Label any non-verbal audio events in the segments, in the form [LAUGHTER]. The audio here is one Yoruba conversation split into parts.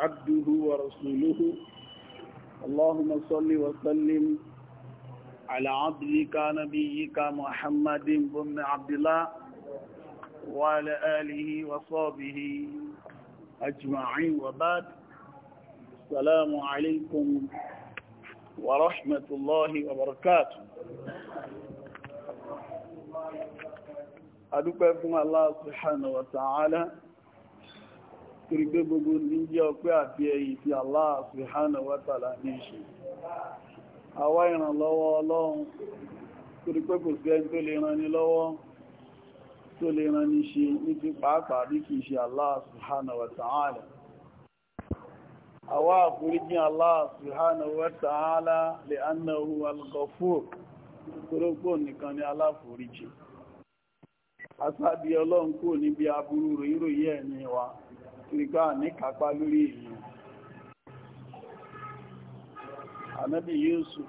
عبده ورسوله اللهم صل وسلم على عبدك نبيك محمد بن عبد الله وعلى آله وصحبه أجمعين وبعد السلام عليكم ورحمة الله وبركاته أدوكم الله سبحانه وتعالى torí pé gbogbo ní jẹ́ ọpẹ́ àti ẹ̀yìn ti Allah subhanahu wa ta'ala ní ṣe àwa ìrànlọ́wọ́ ọlọ́run torí pé kò sí ẹni tó lè ràn ní lọ́wọ́ tó lè ràn ní ṣe ní ti pàápàá bí kìí ṣe Allah subhanahu wa ta'ala àwa àforíjì Allah subhanahu wa ta'ala lè annahu al-Ghafur asábí ọlọ́run kò níbi aburú ròyìnròyìn ẹ̀mí wa nígbà níkàpá lórí èèyàn ànábì Yusuf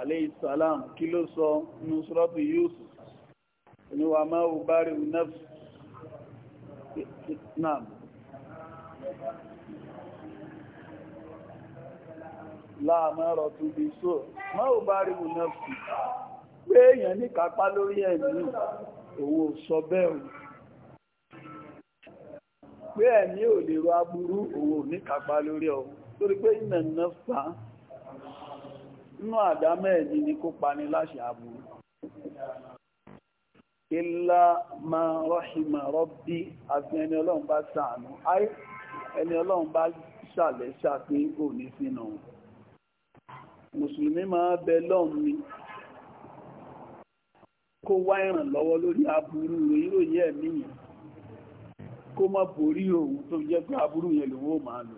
aleyhisalam kí ló sọ nusratu Yusuf oníwà máa wù bá rí nafsi náà láàmọ́rọ̀ tún bí só mọ́ ò bá rí pé èèyàn níkàpá lórí ẹ̀mí òun ò sọ bẹ́ẹ̀ pé ẹ̀mí ò lè rọ aburú òun ò ní kápá lórí ọ torí pé ìnànà fà nínú àdámẹ́ ẹ̀mí ni kó pani láṣẹ aburú ilá ma rọ́ṣìmà rọ́bí àti ẹni ọlọ́run bá ṣàánú ayé ẹni ọlọ́run bá ṣàlẹ̀ ṣàpé ò ní sínú mùsùlùmí máa bẹ lọ́run ni kó wá ìrànlọ́wọ́ lórí aburú ìròyìn ẹ̀mí kó mọ́ borí òun tó jẹ́ pé aburú yẹn lòun ó máa lò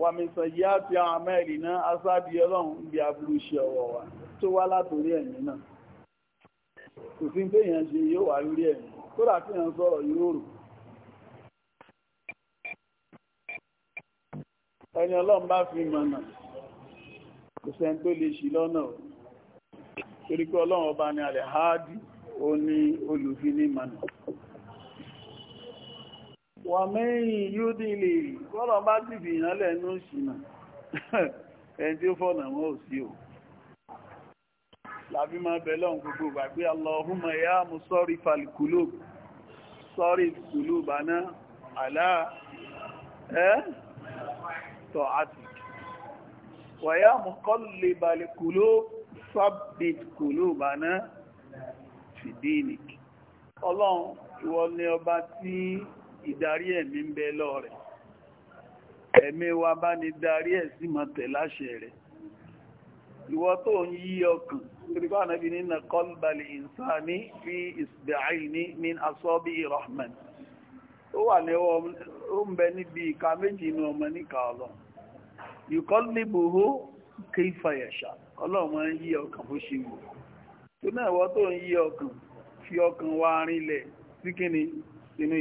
wàmìsàn yìí àti àwọn amẹ́rin náà asábì ọlọ́run ń bí aburú ṣe ọwọ́ wa tó wá látòrí ẹ̀yìn náà kò sí pé èèyàn ṣe yóò wá lórí ẹ̀yìn kódà kí èèyàn sọ̀rọ̀ yóò rò ẹni ọlọ́run bá fi mọ̀nà kò sẹ́ni tó lè ṣì lọ́nà o torí pé ọlọ́run ọba ni alẹ́ háàdì ó ní olùfini mọ̀nà wà mẹ́rin yóò dìlè kọ́lọ̀ bá ti fi ìyànlẹ̀ ní òṣìnà ẹni tí ó fọ́nà wọn ò sí o làbí máa bẹ̀lẹ̀ ohun gbogbo gbàgbé Allahumma ya musarrifal qulub sarrif qulubana ala ẹ́ tọ́ àti wa ya muqallibal qulub sabbit qulubana fi dinik ọlọ́run ìwọ ni ọba tí ìdarí ẹ̀mí ń bẹ rẹ̀ ẹ̀mí wa bá ní darí ẹ̀ sí mọ̀ rẹ̀ ìwọ tó ń yí ọkàn torípa ànábi ní na ìsáni fi ìsìdáì ní ní asọ́bí rahman ó wà ní ó ń bẹ níbi ìka méjì inú ọmọ níka ń yí ọkàn ṣe tó náà ìwọ tó ń yí ọkàn fi ọkàn wa rinlẹ̀ sí kíni sínú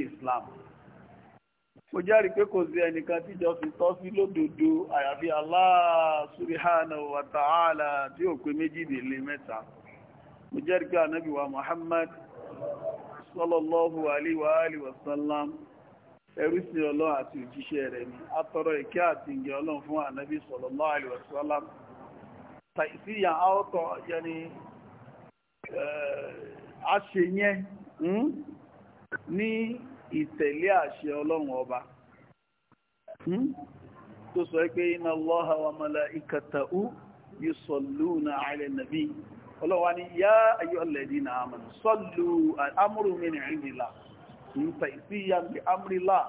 mo jẹ́rìí pé kò sí ẹnìkan tíjọ fi tọ́ sí lódodo àyàfi Allah subhanahu wa ta'ala tí ò pé méjìdínlé mẹ́ta mo jẹ́rìí pé ànábì wa Muhammad sallallahu alaihi wa alihi wa sallam ẹrú sí ọlọ́run àti òjíṣẹ́ rẹ̀ ni a tọrọ ìkẹ́ àti ìgẹ́ ọlọ́run fún sallallahu alaihi wa sallam tàìsí ìyà àọ́tọ̀ yẹni ìtẹ̀lé àṣẹ ọlọ́run ọba hmm? tó sọ pé inna Allaha wa malaikatahu yusalluna ala nabi ọlọ́wà ni yá ayyuhalladhina amanu sallu amru min indillah hmm? taisiyan bi amrillah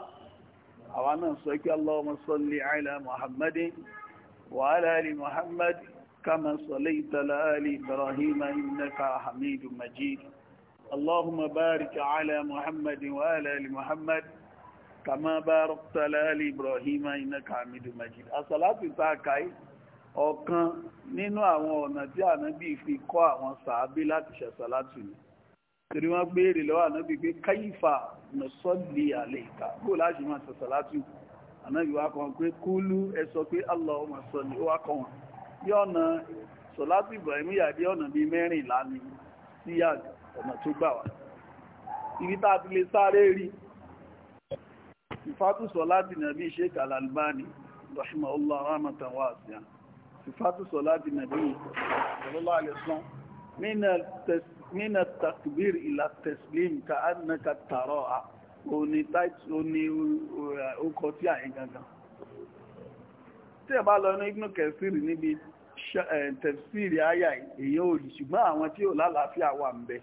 àwọn náà sọ pé Allahumma salli ala Muhammadin wa ala ali Muhammad kama sallaita ala majid اللهم بارك على محمد وآل ال محمد كما باركت على ال ابراهيم انك حميد مجيد الصلاه تاكاي ọ̀kan nínú àwọn ọ̀nà tí ànábì fi kọ́ àwọn sàábí láti ṣàṣàlátù ni torí wọ́n béèrè lọ́wọ́ ànábì pé káyífà nọ̀sọ́lì àlẹ́ìka kó láti máa ṣàṣàlátù ànábì wá kan pé kúlú ẹ sọ pé Allahumma salli ó wá kọ́ wọn bí ọ̀nà sọ̀látù Ibrahim yàdí ọ̀nà bíi mẹ́rìnlá ni síyàgà ọ̀nà tó gbà wá ibi tá a ti lè sáré rí ìfàtúsọ̀ láti nàbí Sheikh Al-Albani rahimahullah rahmatan wasi'a ìfàtúsọ̀ láti nàbí sallallahu alaihi wasallam min at-takbir ila at-taslim ka'annaka tara'a òní uh, ọkọ̀ tí àyín gangan tí ẹ bá lọ ní Ibn Kathir níbi tafsiri àyà èyàn òrì ṣùgbọ́n àwọn tí ò lálàáfíà wà ń bẹ́ẹ̀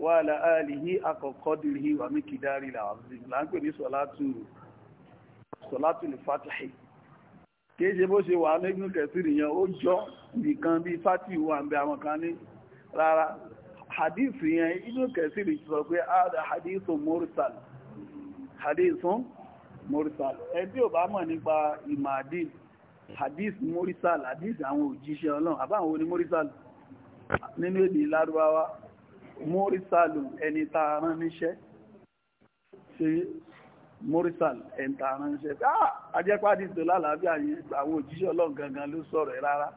wà láàáàlìhí akọ̀kọ́dìrí wà mí kìdárì láàpẹ ní sọ̀látù lè fàtàhì kìí ṣe bó ṣe wà lẹ́gbùn kẹsìrì yẹn ó jọ nìkan bí fàtì wà ń bẹ àwọn kan ní rárá hadith yẹn inú kẹsìrì sọ pé ààdà hadith mursal hadith mursal ẹbí ò bá mọ̀ nípa ìmàdí hadith mursal hadith àwọn òjíṣẹ́ ọlọ́run àbáwọn oní nínú èdè lárúbáwá mọ́rísàlù ẹni tààrán níṣẹ́ ṣe mọ́rísàlù ẹni tààrán níṣẹ́ ajẹ́pàdé ah, tó lálàáfíà yẹn àwọn òjíṣẹ́ ọlọ́run gangan ló sọ̀rọ̀ rárá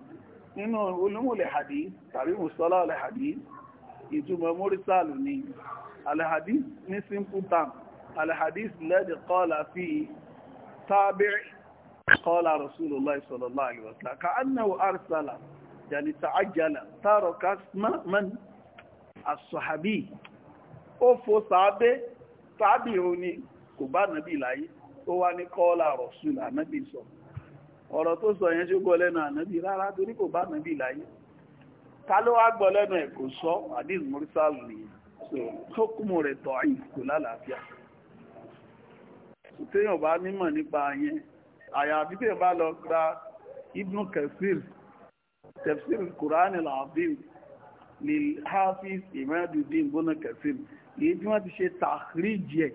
nínú olúmọ̀lẹ̀ hadí tàbí mùsọ́lá ọlẹ̀ hadí ìtumọ̀ mọ́rísàlù ni alẹ́hadí ní simple term alẹ́hadí lẹ́dẹ̀ kọ́lá fi tábìrì kọ́lá rasulullah sallallahu alaihi wasallam ka annahu arsala yani ta'ajjala taraka man asọ̀hábì ó fo sàábé sàábì òun ni kò bá nàbì láyé ó wá ní kọ́ọ́lá rọ̀sùn ànábì sọ ọ̀rọ̀ tó sọ yẹn ṣe gbọ́ lẹ́nu ànábì rárá torí kò bá nàbì láyé ta ló wá gbọ́ lẹ́nu ẹ̀ kò sọ àdìs mọ́rísàlù nìyẹn tó kúmù rẹ̀ tọ̀ lilhafiz imaduddin bona kasim èyí tí wọ́n ti ṣe tàkìríjì ẹ̀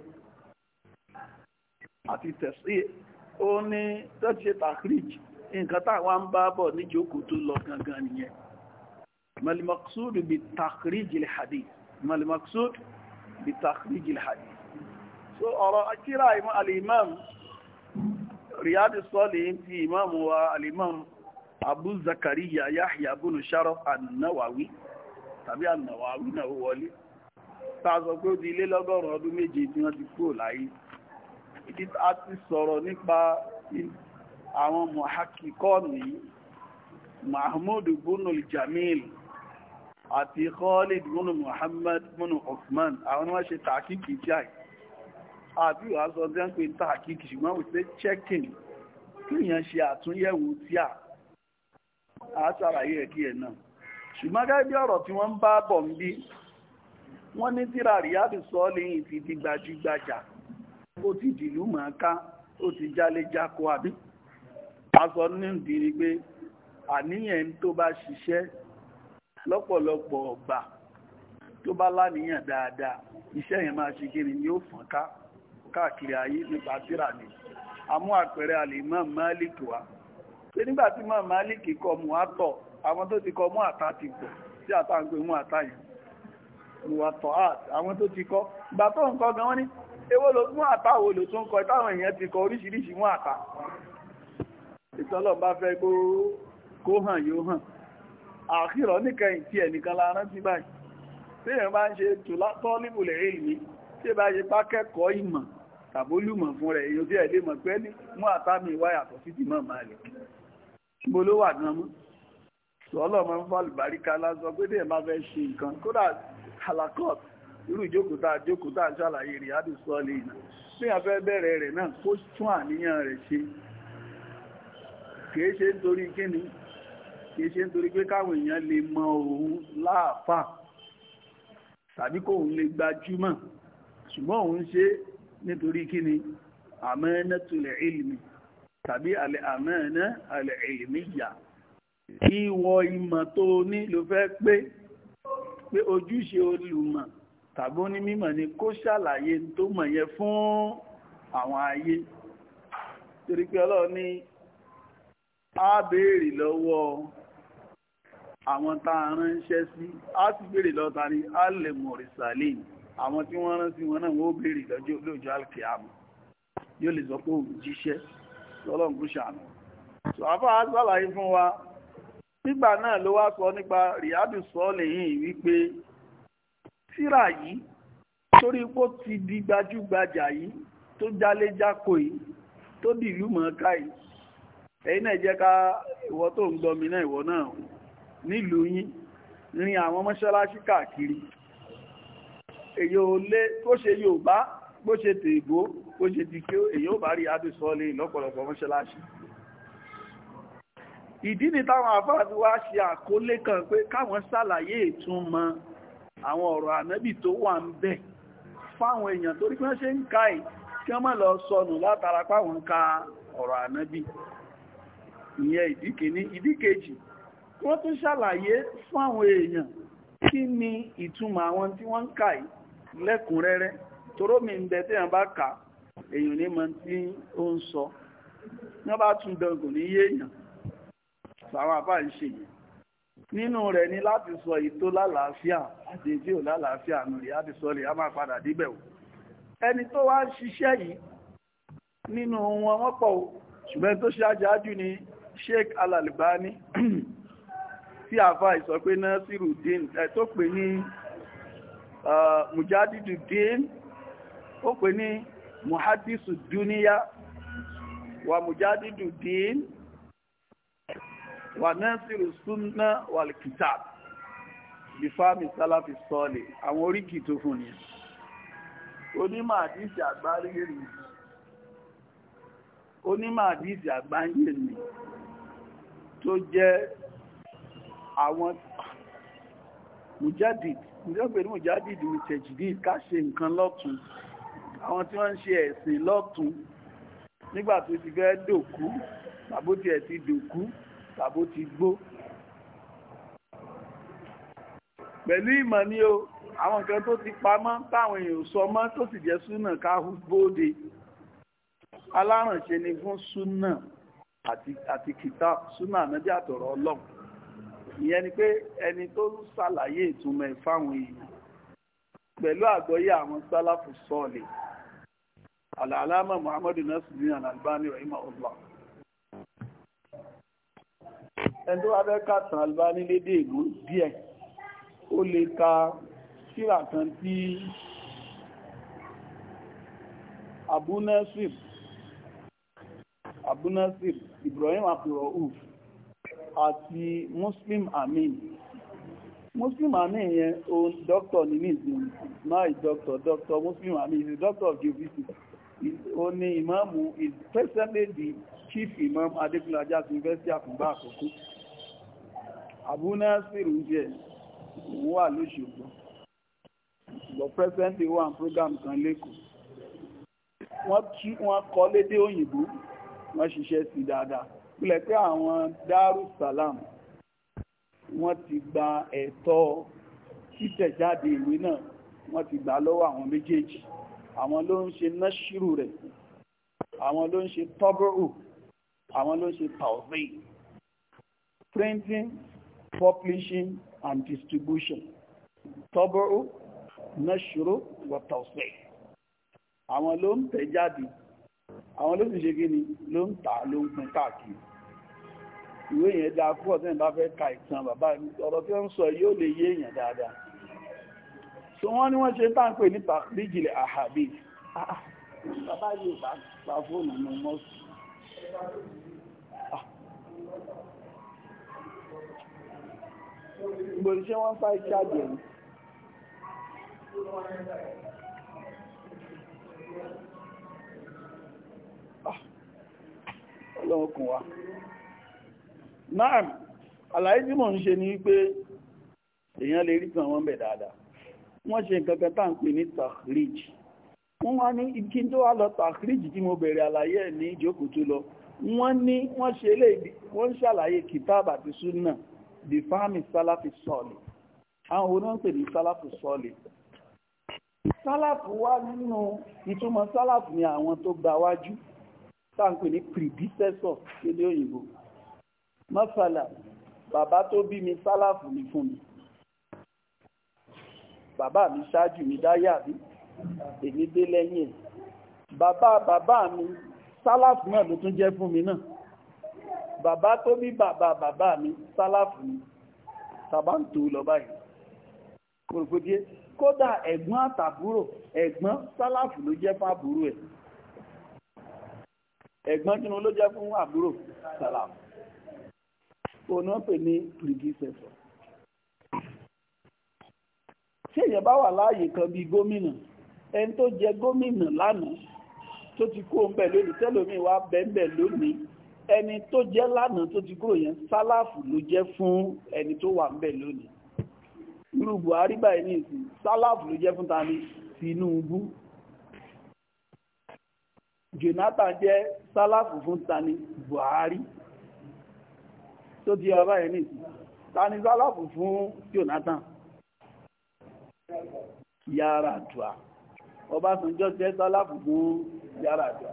àti tẹ̀sí ó ní tó ti ṣe tàkìríjì nǹkan táwa ń bá bọ̀ níjókòó tó lọ gangan nìyẹn malimaksud bi tàkìríjì hadith malimaksud bi tàkìríjì hadith so ọ̀rọ̀ akíra alìmọ́mù riyadu sọ́lẹ̀ ti imamu wa alìmọ́mù abu zakariya yahya bunu tàbí ànàwáwí náà wọlé tá a sọ pé ó di ilé lọ́gọ́rùn-ún ọdún méje tí wọ́n ti kúrò láyé ìdí a ti sọ̀rọ̀ nípa àwọn mọ̀hákìkọ́ọ̀nì mahmud bunu jamil àti khalid bunu muhammad bunu osman àwọn wọ́n ṣe tàkíkì jáì àbí wà sọ tí wọ́n pè tàkíkì ṣùgbọ́n wọ́n ṣe check-in kí èèyàn ṣe àtúnyẹ̀wò tí a ṣàlàyé ẹ̀kí ẹ̀ náà ṣùgbọ́n gẹ́gẹ́ bí ọ̀rọ̀ tí wọ́n ń bá bọ̀ ń bí wọ́n ní tíra ríyádù sọ́ọ̀lì yìí ti di gbajúgbajà ó ti dìlú mọ̀ọ́ká ó ti jálé jákó àbí aṣọ nídìí ni pé àníyàn tó bá ṣiṣẹ́ lọ́pọ̀lọpọ̀ ọgbà tó bá láníyàn dáadáa iṣẹ́ yẹn máa ṣe kí ni yóò fọ́n ká káàkiri ayé nípa tíra ni àmú àpẹẹrẹ àlè Imam Malik wá pé nígbà tí Imam Malik kọ mùátọ̀ àwọn tó ti kọ mú àtà ti pọ̀ tí àtà ń pè mú àtà yìí ìwà tọ̀ art àwọn tó ti kọ ìgbà tó ń kọ gan wọ́n ní ewó ló mú àtà wo ló tún kọ táwọn èèyàn ti kọ oríṣiríṣi mú àtà ìtọ́lọ̀ bá fẹ́ kó hàn yóò hàn àkírọ̀ níkẹyìn tí ẹnìkan la rántí báyìí tí èèyàn bá ń ṣe tàbólùmọ̀ fún rẹ̀ èèyàn tí ẹ̀ mọ̀ pé ní mú àtà mi sí ti mọ̀ máa lè gbólówà gan mọ́ ọlọ́mọ ń fọ́ àlùbáríkà lásán pé dèèmà fẹ́ ṣe nǹkan kódà halakot irú ìjókòtà àjókòtà ṣàlàyé rẹ̀ á dùn sọ́ọ̀lì ìnà bí wọ́n fẹ́ bẹ̀rẹ̀ rẹ̀ náà kó tún àníyàn rẹ̀ ṣe kìí ṣe nítorí kíni kìí ṣe nítorí pé káwọn èèyàn lè mọ òun láàfà tàbí kó òun lè gbajúmọ̀ ṣùgbọ́n òun ṣe nítorí kíni àmẹ́nẹ́tulẹ̀ ìlmi tàbí àmẹ́nẹ́ àlẹ̀ ìlmi yà ìwọ ìmọ̀ tó ní ló fẹ́ pé pé ojúṣe olùmọ̀ tàbí ní mímọ̀ ni kó ṣàlàyé tó mọ̀ yẹn fún àwọn ayé torí pé ọlọ́run ní a béèrè lọ́wọ́ àwọn tá a ránṣẹ́ sí a sì béèrè lọ́wọ́ ta ni á lè mọ̀ rìsàlẹ̀ àwọn tí wọ́n rán sí wọn náà wọ́n béèrè lọ́jọ́ lóòjọ́ alkiyama yóò lè sọ pé òun jíṣẹ́ ọlọ́run kò ṣàánú. sọ àfáà sàlàyé fún wa nígbà náà ló wá sọ nípa riyadu sọ́ọ̀lì yìí wípé tírà yìí torí pó ti di gbajúgbajà yìí tó jáléjákò yìí tó dìlú mọ̀ọ́ká yìí ẹ̀yin náà jẹ́ ká ìwọ tó ń gbọmi náà ìwọ náà nílùú yín rin àwọn mọ́ṣáláṣí káàkiri èyí ò lé tó ṣe Yorùbá bó ṣe tèèbó bó ṣe dìkẹ́ èyí ò bá rí adùsọ́ọ̀lì lọ́pọ̀lọpọ̀ mọ́ṣáláṣí ìdí ni táwọn àfáàbí wá ṣe àkólé kan pé káwọn ṣàlàyé ìtumọ̀ àwọn ọ̀rọ̀ ànábì tó wà ń bẹ̀ fáwọn èèyàn torí pé wọ́n ṣe ń ka kí wọ́n lọ sọnù látara páwọn ka ọ̀rọ̀ ànábì ìyẹn wọ́n tún fáwọn àwọn tí wọ́n ń ka lẹ́kùnrẹ́rẹ́ ń bẹ téèyàn bá èèyàn sàwọn àbá ń ṣe yìí nínú rẹ̀ ni láti sọ ìtó lálàáfíà àti èdè ò lálàáfíà nù rí àti sọ rẹ̀ a máa padà débẹ̀ o ẹni tó wá ń ṣiṣẹ́ yìí nínú wọn wọ́n pọ̀ o ṣùgbọ́n tó ṣe àjájú ni Sheikh Al-Albani tí àfà ìsọ pé Nasiru Din tó pè ní Mujadidu Din ó pè ní Muhadisu Duniya wa Mujadidu Din wà nẹ́sìrì súnná wàlìkìtà bífáàmì sálàfì sọ́ọ̀lì àwọn oríkì tó fún ni onímọ̀ àdíṣì àgbáyé ni onímọ̀ àdíṣì àgbáyé ni tó jẹ́ àwọn mujadid ìjọpẹ̀ ní mujadid ní tejidid ká ṣe nǹkan lọ́tún àwọn tí wọ́n ń ṣe ẹ̀sìn lọ́tún nígbà ti fẹ́ dòkú tàbó tiẹ̀ ti dòkú tàbó ti gbó pẹ̀lú ìmọ̀ ni o àwọn nǹkan tó ti pamọ́ táwọn èèyàn sọ mọ́ tó sì jẹ́ súnà ká hú bóde alárànṣe ni fún súnà àti kìtà súnà ànájà àtọ̀rọ̀ ọlọ́run ìyẹn ni pé ẹni tó ń ṣàlàyé ìtumọ̀ ẹ̀ fáwọn èèyàn pẹ̀lú àgbọ́yé àwọn sálàfù sọ́ọ̀lì alàlámà muhammadu nasiru alalbani rahimahullah ẹni tó wá fẹ́ kàtàn Albani lédè ìgbò díẹ̀ ó lè ka síra kan tí abunasir abunasir Ibrahim abdulrauf àti Muslim Amin Muslim Amin yẹn òun dọ́kítọ̀ ní nìsín my doctor Dr. Muslim Amin is a doctor of geophysics ó ní ìmáàmù is presently the chief imam Adekunle Ajasin University Akunba Akoko Abu Nasir jẹ́ wà lóṣogbo ṣùgbọ́n pẹ́sẹ́ntì wà program kan lẹ́kọ̀ọ́ wọ́n tú wọn kọ́ lédè òyìnbó wọ́n ṣiṣẹ́ sí dáadáa pílẹ̀ pé àwọn Darussalam wọ́n ti gba ẹ̀tọ́ títẹ̀jáde ìwé náà wọ́n ti gbà lọ́wọ́ àwọn méjèèjì àwọn ló ń ṣe náṣírù rẹ̀ àwọn ló ń ṣe tọ́bùrù àwọn ló ń ṣe tàwọ́fẹ́ printing publishing and distribution tọ́bọ̀rọ̀ nashuru wa tawsih àwọn ló ń tẹ̀ jáde àwọn ló sì ṣe kí ni ló ń tà ló ń pín káàkiri ìwé yẹn dáa púpọ̀ tí ìbá fẹ́ ka ìtàn bàbá ọ̀rọ̀ tí wọ́n sọ yóò lè yé èèyàn dáadáa so wọ́n ní wọ́n ṣe tá ń pè ní tàbíjìlẹ̀ àhàbí ah, ah, bàbá yóò bá pa fóònù mọ́ mọ́sù ah gbòrò ṣé wọ́n fà ìṣàjẹ̀ ní ah, ọlọ́ọ̀kùn wa náà àlàyé tí mò ń ṣe ní pé èèyàn lè rí kan wọ́n bẹ̀ dáadáa wọ́n ṣe nǹkan kan tá à ń pè ní tahrij wọ́n wá ní kí tó wá lọ tahrij tí mo bẹ̀rẹ̀ àlàyé ní ìjókòó tó lọ wọ́n ní wọ́n ṣe eléyìí wọ́n ń ṣàlàyé kìtáàbà àti súnà The bí fáàmì sálàfì sọ́ọ̀lì àwọn òun náà ń pè ní sálàfì sọ́ọ̀lì sálàfù wá nínú ìtumọ̀ sálàfù ni àwọn tó gba wájú táǹpè ní predecessor kéde òyìnbó mọ́sálà bàbá tó bí mi sálàfù ni fún mi bàbá mi ṣáájú mi dáyà bí èmi dé lẹ́yìn ẹ̀ bàbá bàbá mi sálàfù náà ló tún jẹ́ fún mi náà bàbá tó bí bàbá bàbá mi sálàfù ni tàbá ń tó lọ báyìí kòròkòdíé kódà ẹ̀gbọ́n àtàbúrò ẹ̀gbọ́n sálàfù ló jẹ́ fún àbúrò ẹ̀ ẹ̀gbọ́n kí ló jẹ́ fún àbúrò sálàfù òun náà pè ní predecessor tí èèyàn bá wà láàyè kan bíi gómìnà ẹni tó jẹ gómìnà lánàá tó ti kú òun bẹ̀ lónìí tẹ́lómi wá bẹ́ẹ̀ bẹ́ẹ̀ lónìí ẹni tó jẹ́ lánàá tó ti kúrò yẹn sálàfù ló jẹ́ fún ẹni tó wà ńbẹ̀ lónìí irú Buhari báyìí ní ìsìn sálàfù ló jẹ́ fún tani Tinubu Jonathan jẹ́ sálàfù fún tani Buhari tó di ọba yẹn ní ìsìn tani sálàfù fún Jonathan yàrá dùà Ọbásanjọ́ jẹ́ sálàfù fún yàrá dùà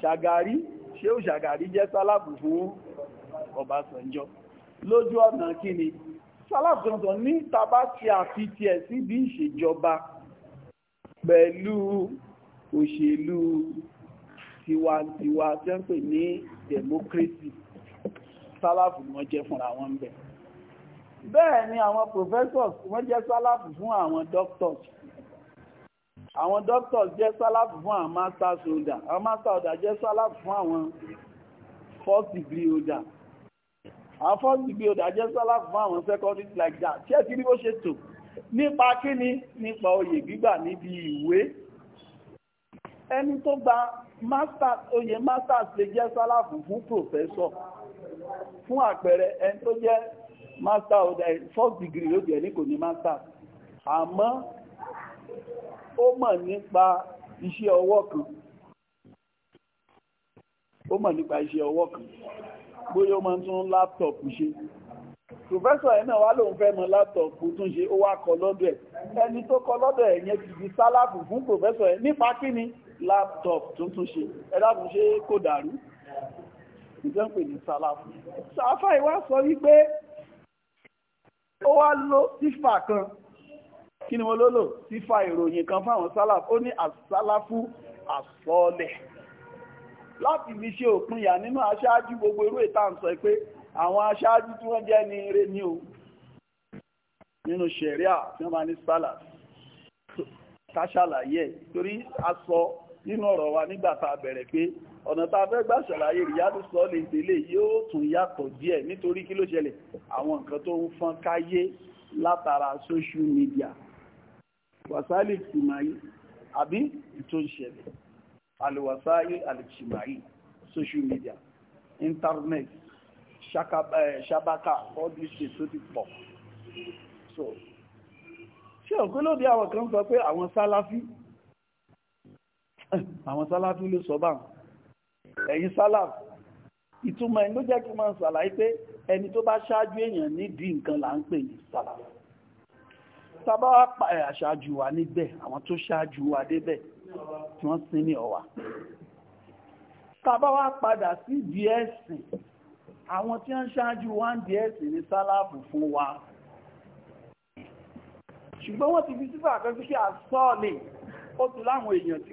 Ṣàgárí ṣé ó ṣàgàrí jẹ́ sálàfù fún Ọbásanjọ́ lójú ọ̀nà kí ni sálàfù tuntun ní tàbá ti àfi tiẹ̀ sí bí ìṣèjọba pẹ̀lú òṣèlú tiwantiwa tí ń pè ní democracy sálàfù ni wọ́n jẹ́ fúnra wọn bẹ̀ bẹ́ẹ̀ ni àwọn professors wọ́n jẹ́ sálàfù fún àwọn doctors àwọn doctors jẹ́ sálàfù fún àwọn master soldier àwọn master soldier jẹ́ sálàfù fún àwọn first degree holder àwọn first degree holder jẹ́ sálàfù fún àwọn secondary like that ṣé kí ni bó ṣe tò nípa kí ni nípa oyè gbígbà níbi ìwé ẹni tó gba masters oyè masters lè jẹ́ sálàfù fún professor fún àpẹẹrẹ ẹni tó jẹ́ master holder first degree ló jẹ́ ní kò ní master àmọ́ ó mọ̀ nípa iṣẹ́ ọwọ́ kan ó mọ̀ nípa iṣẹ́ ọwọ́ kan bóyá ó máa ń tún láptọ̀pù ṣe pòfẹ́sọ̀ ẹ̀ náà wá lóun fẹ́ mọ láptọ̀pù tún ṣe ó wá kọ lọ́dọ̀ ẹ̀ ẹni tó kọ lọ́dọ̀ ẹ̀ yẹn ti di sálàpù fún pòfẹ́sọ̀ ẹ̀ nípa kí ni láptọ̀pù tún tún ṣe ẹ dákun ṣe kò dàrú ìjọ́n pè ní sálàpù sàfà ìwá sọ wípé ó wá ló tífà kan kí ni wọ́n lólò sífà ìròyìn kan fáwọn sálàf ó ní àsálàfú àsọ́ọ̀lẹ̀ láti fi ṣe òpinya nínú aṣáájú gbogbo irú ìtànsọ pé àwọn aṣáájú tí wọ́n jẹ́ ní ire ní o nínú ṣẹ̀ríà tí wọ́n máa ní sálàf káṣàlàyé torí a sọ nínú ọ̀rọ̀ wa nígbà tá a bẹ̀rẹ̀ pé ọ̀nà tá a fẹ́ gbà ṣàlàyé ìyáàdù sọ lè délé yóò tún yàtọ̀ díẹ̀ nítorí kí ló ṣẹlẹ̀ àwọn nǹkan tó ń fọ́n káyé látara social media wàsáìlì ìtìmáyì àbí ìtò ìṣẹ̀lẹ̀ àlùwàsáìlì àlìtìmáyì social media internet eh, all these things ti pọ̀ so ṣé òkú ló bí àwọn kan sọ pé àwọn sálàfí [LAUGHS] àwọn sálàfí ló sọ bá ẹ̀yin sálàf ìtumọ̀ ẹ̀ ló jẹ́ kí wọ́n sàlàyé pé ẹni tó bá ṣáájú èèyàn nídìí nǹkan là ń pè ní sálàfí tàbá pa ẹ̀ aṣáájú wa níbẹ̀ àwọn tó ṣáájú wa débẹ̀ tí wọ́n sin ní ọ̀wà tàbá wá padà sí ìdí ẹ̀sìn àwọn tí wọ́n ṣáájú wa ń di ẹ̀sìn ní sálàfù fún wa ṣùgbọ́n wọ́n ti fi sífà kan fíṣẹ́ àsọ́ọ̀lì ó tún láwọn èèyàn tí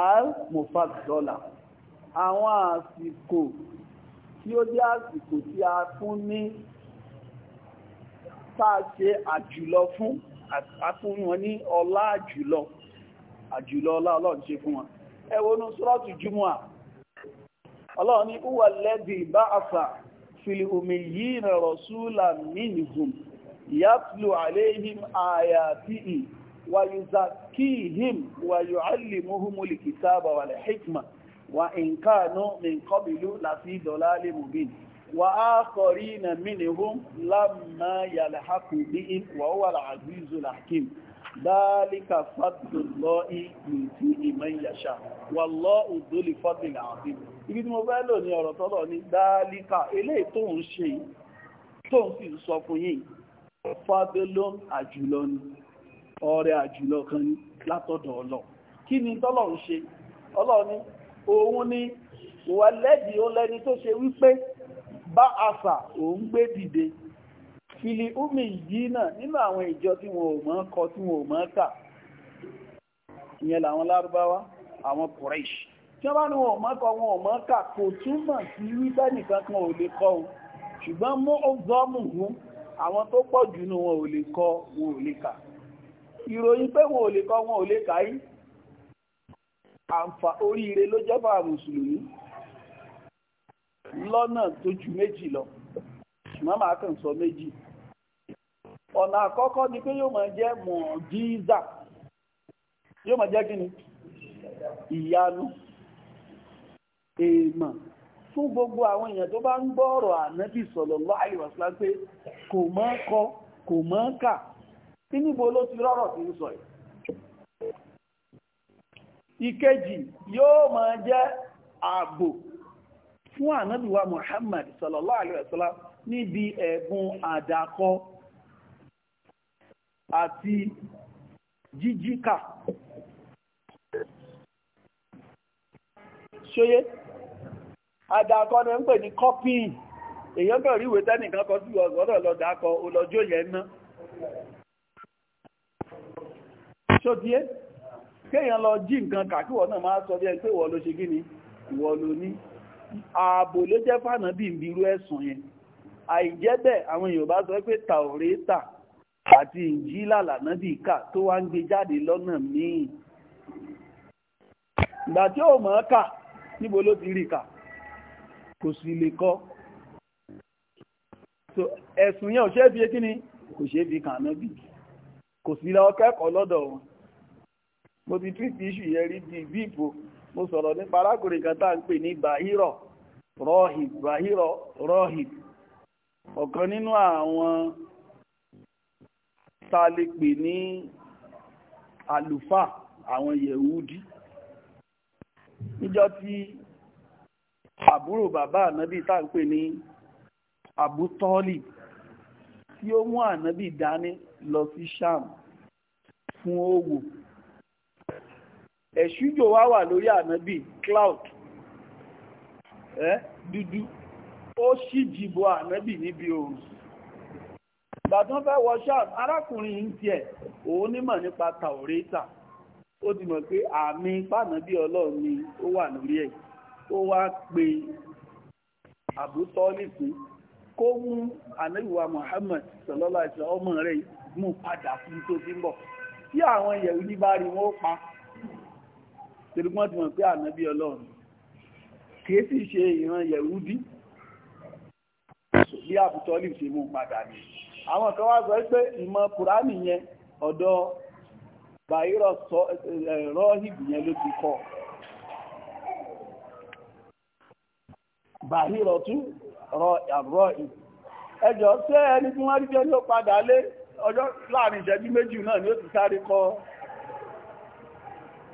al-mufaddola àwọn àsìkò tí ó jẹ́ àsìkò tí a fún ní táa ṣe àjùlọ fún àfún wọn ní ọlá àjùlọ àjùlọ ọlá ọlọ́run ṣe fún wọn ẹ wo nínú sọ́rọ̀tù jùmọ́à ọlọ́run ní huwa alladhi ba'atha fil ummiyina rasulan minhum yatlu alayhim ayatihi ويزكيهم ويعلمهم الكتاب والحكمة وإن كانوا من قبل لفي ضلال مبين وآخرين منهم لما يلحق بهم وهو العزيز الحكيم ذلك فضل الله يؤتيه من يشاء والله ذو الفضل العظيم ibi tí mo fẹ́ lò ní ọ̀rọ̀ tọ́lọ̀ ní dáálíkà eléyìí tó ṣe tó sì sọ fún yín fadélón àjùlọ ni ọrẹ àjùlọ kan ní látọ̀dọ̀ ọlọ́ kí ni tọ́lọ̀ ń ṣe ọlọ́ ni òun ni wà lẹ́dì ó lẹ́ni tó ṣe wípé bá àṣà òun gbé dìde fili umi yìí náà nínú àwọn ìjọ tí wọn ò mọ̀ kọ tí wọn ò mọ̀ kà ìyẹn làwọn lárúbáwá àwọn Quraish tí wọ́n bá ní wọn ò mọ̀ kọ wọn ò mọ̀ kà kò túmọ̀ sí wípé nìkan kan ò lè kọ o ṣùgbọ́n mú ọgọ́mù hù àwọn tó pọ̀ jù nù wọn ò lè kọ wọn ò lè kà ìròyìn pé wọn ò lè kọ wọn ò lè káyí àǹfà oríire ló jẹ́ bá mùsùlùmí lọ́nà tó ju méjì lọ ṣùgbọ́n màá kàn sọ méjì ọ̀nà àkọ́kọ́ ni pé yóò máa jẹ́ mọ̀ọ́jíza yóò máa jẹ́ kí ni ìyanu èèmọ̀ fún gbogbo àwọn èèyàn tó bá ń gbọ́ ọ̀rọ̀ ànábì sallallahu alaihi wasallam pé kò mọ́ kọ kò mọ́ kà kí níbo ló ti rọ́rọ̀ tí ń sọ yìí ìkejì yóò máa jẹ́ ààbò fún ànábìwá Muhammad sallallahu níbi ẹ̀bùn àdàkọ àti jíjíkà ṣóyé àdàkọ ni ń pè ní èyàn bẹ̀rẹ̀ ìwé tẹ́nìkan kọ sí ọ̀gọ́dọ̀ lọ dàkọ olọ́jọ́ yẹn tí tiẹ́ kéèyàn lọ jí nǹkan kàkíwọ̀ náà máa sọ bí ẹ pé ló ṣe gíní ìwọ ló ní ààbò ló jẹ́ fànà bí ẹ̀sùn yẹn àìjẹ́ àwọn èèyàn bá sọ pé tàòrétà àti ìnjílà lànà bí kà tó wá ń gbé jáde lọ́nà míì ìgbà tí ó mọ̀ ọ́ kà níbo ló ti rí kà kò sì lè kọ́ ẹ̀sùn yẹn mo ti treat issue yẹn rí bíi bíìpù mo sọ̀rọ̀ nípa arákùnrin kan tá à ń pè ní bahiro rohib bahiro rohib ọ̀kan nínú àwọn tá a lè pè ní àlùfáà àwọn yẹ̀wúdí níjọ́ tí àbúrò bàbá ànábì tá ń pè ní àbútọ́ọ̀lì tí ó mú ànábì dání lọ sí sham fún òwò ẹ̀ṣújò wá wà lórí ànábì cloud ẹ́ dúdú ó sì jìbò ànábì níbi òòrùn ìbàdàn fẹ́ wọ arákùnrin yìí tiẹ̀ òun nímọ̀ nípa tàórẹ́tà ó ti mọ̀ pé àmì pànábì ọlọ́run ni ó wà lórí ẹ̀ pe kó mú ànábìwá sọlọ́lá ọmọ rẹ̀ mú padà fún tó ti ń bọ̀ tí pa torí wọ́n ti mọ̀ pé ànábí ọlọ́run kìí sì ṣe ìran yẹ̀húdí bí àbùtọ́lì ṣe mú padà ní àwọn kan wá sọ pé ìmọ̀ kùránì yẹn ọ̀dọ̀ bàírọ̀ rọ́hìbì yẹn ló ti kọ́ bàírọ̀ tún rọ ẹjọ́ ṣé ẹni tí wọ́n rí jẹ́ ló padà lé ọjọ́ láàrin ìṣẹ́jú méjì náà ni ó ti sáré kọ́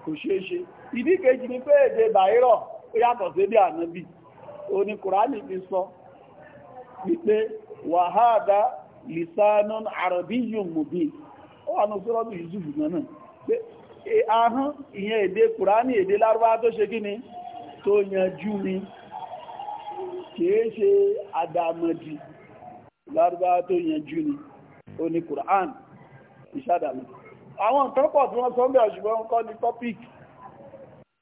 kò ṣeé ṣe ìdí kejì ni pé èdè bàírọ̀ ó yàtọ̀ sí bí ànábì oní kùránì ti sọ wípé wàhádá lisanun arabiyyun mubin ó wà ní sọ́rọ́bù yusuf náà pé ahọ́n ìyẹn èdè kùránì èdè lárúbá tó ṣe kí ni tó yanjú ni kìí ṣe àdàmọ̀dì lárúbá tó yanjú ni ó ní kùránì ìṣàdàmọ̀ àwọn nǹkan tí wọ́n sọ ń bẹ̀ ṣùgbọ́n kọ́ ni tọ́píkì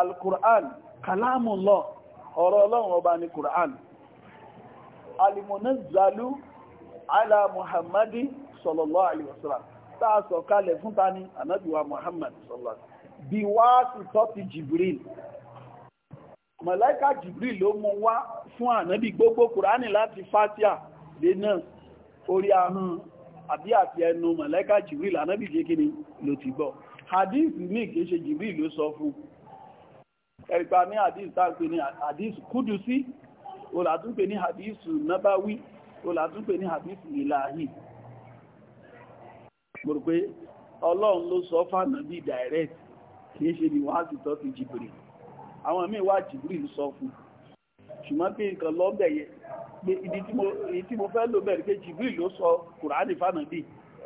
al-Qur'an kalamullah ọ̀rọ̀ ọlọ́run ọba ni Qur'an al-munazzalu ala Muhammadi sallallahu alaihi wasallam tá sọ kalẹ̀ fún ta ni Ànábì wa Muhammad sallallahu alaihi wasallam bí wá sí Jibril mọ̀láíkà Jibril ló mú wá fún Ànábì gbogbo Qur'an láti Fatiha lè náà orí ahun àbí àti ẹnu mọ̀láíkà Jibril Ànábì jẹ́ kí ni ló ti gbọ́ hadith ní kìí ṣe Jibril ló sọ fún ẹ̀rìgbà ní hadith tàbí ní hadith kúdùsí olàtúnpè ní hadith nabawi olàtúnpè ní hadith ilahi gbogbo ọlọ́run ló sọ fánàbí direct kìí ṣe ni wọ́n á sì tọ́ ti jìbìrì àwọn míì wá jìbìrì sọ fún ṣùgbọ́n pé nǹkan lọ́bẹ̀ yẹ pé ibi tí mo fẹ́ lò bẹ̀rẹ̀ pé jìbìrì ló sọ kùránì fánàbí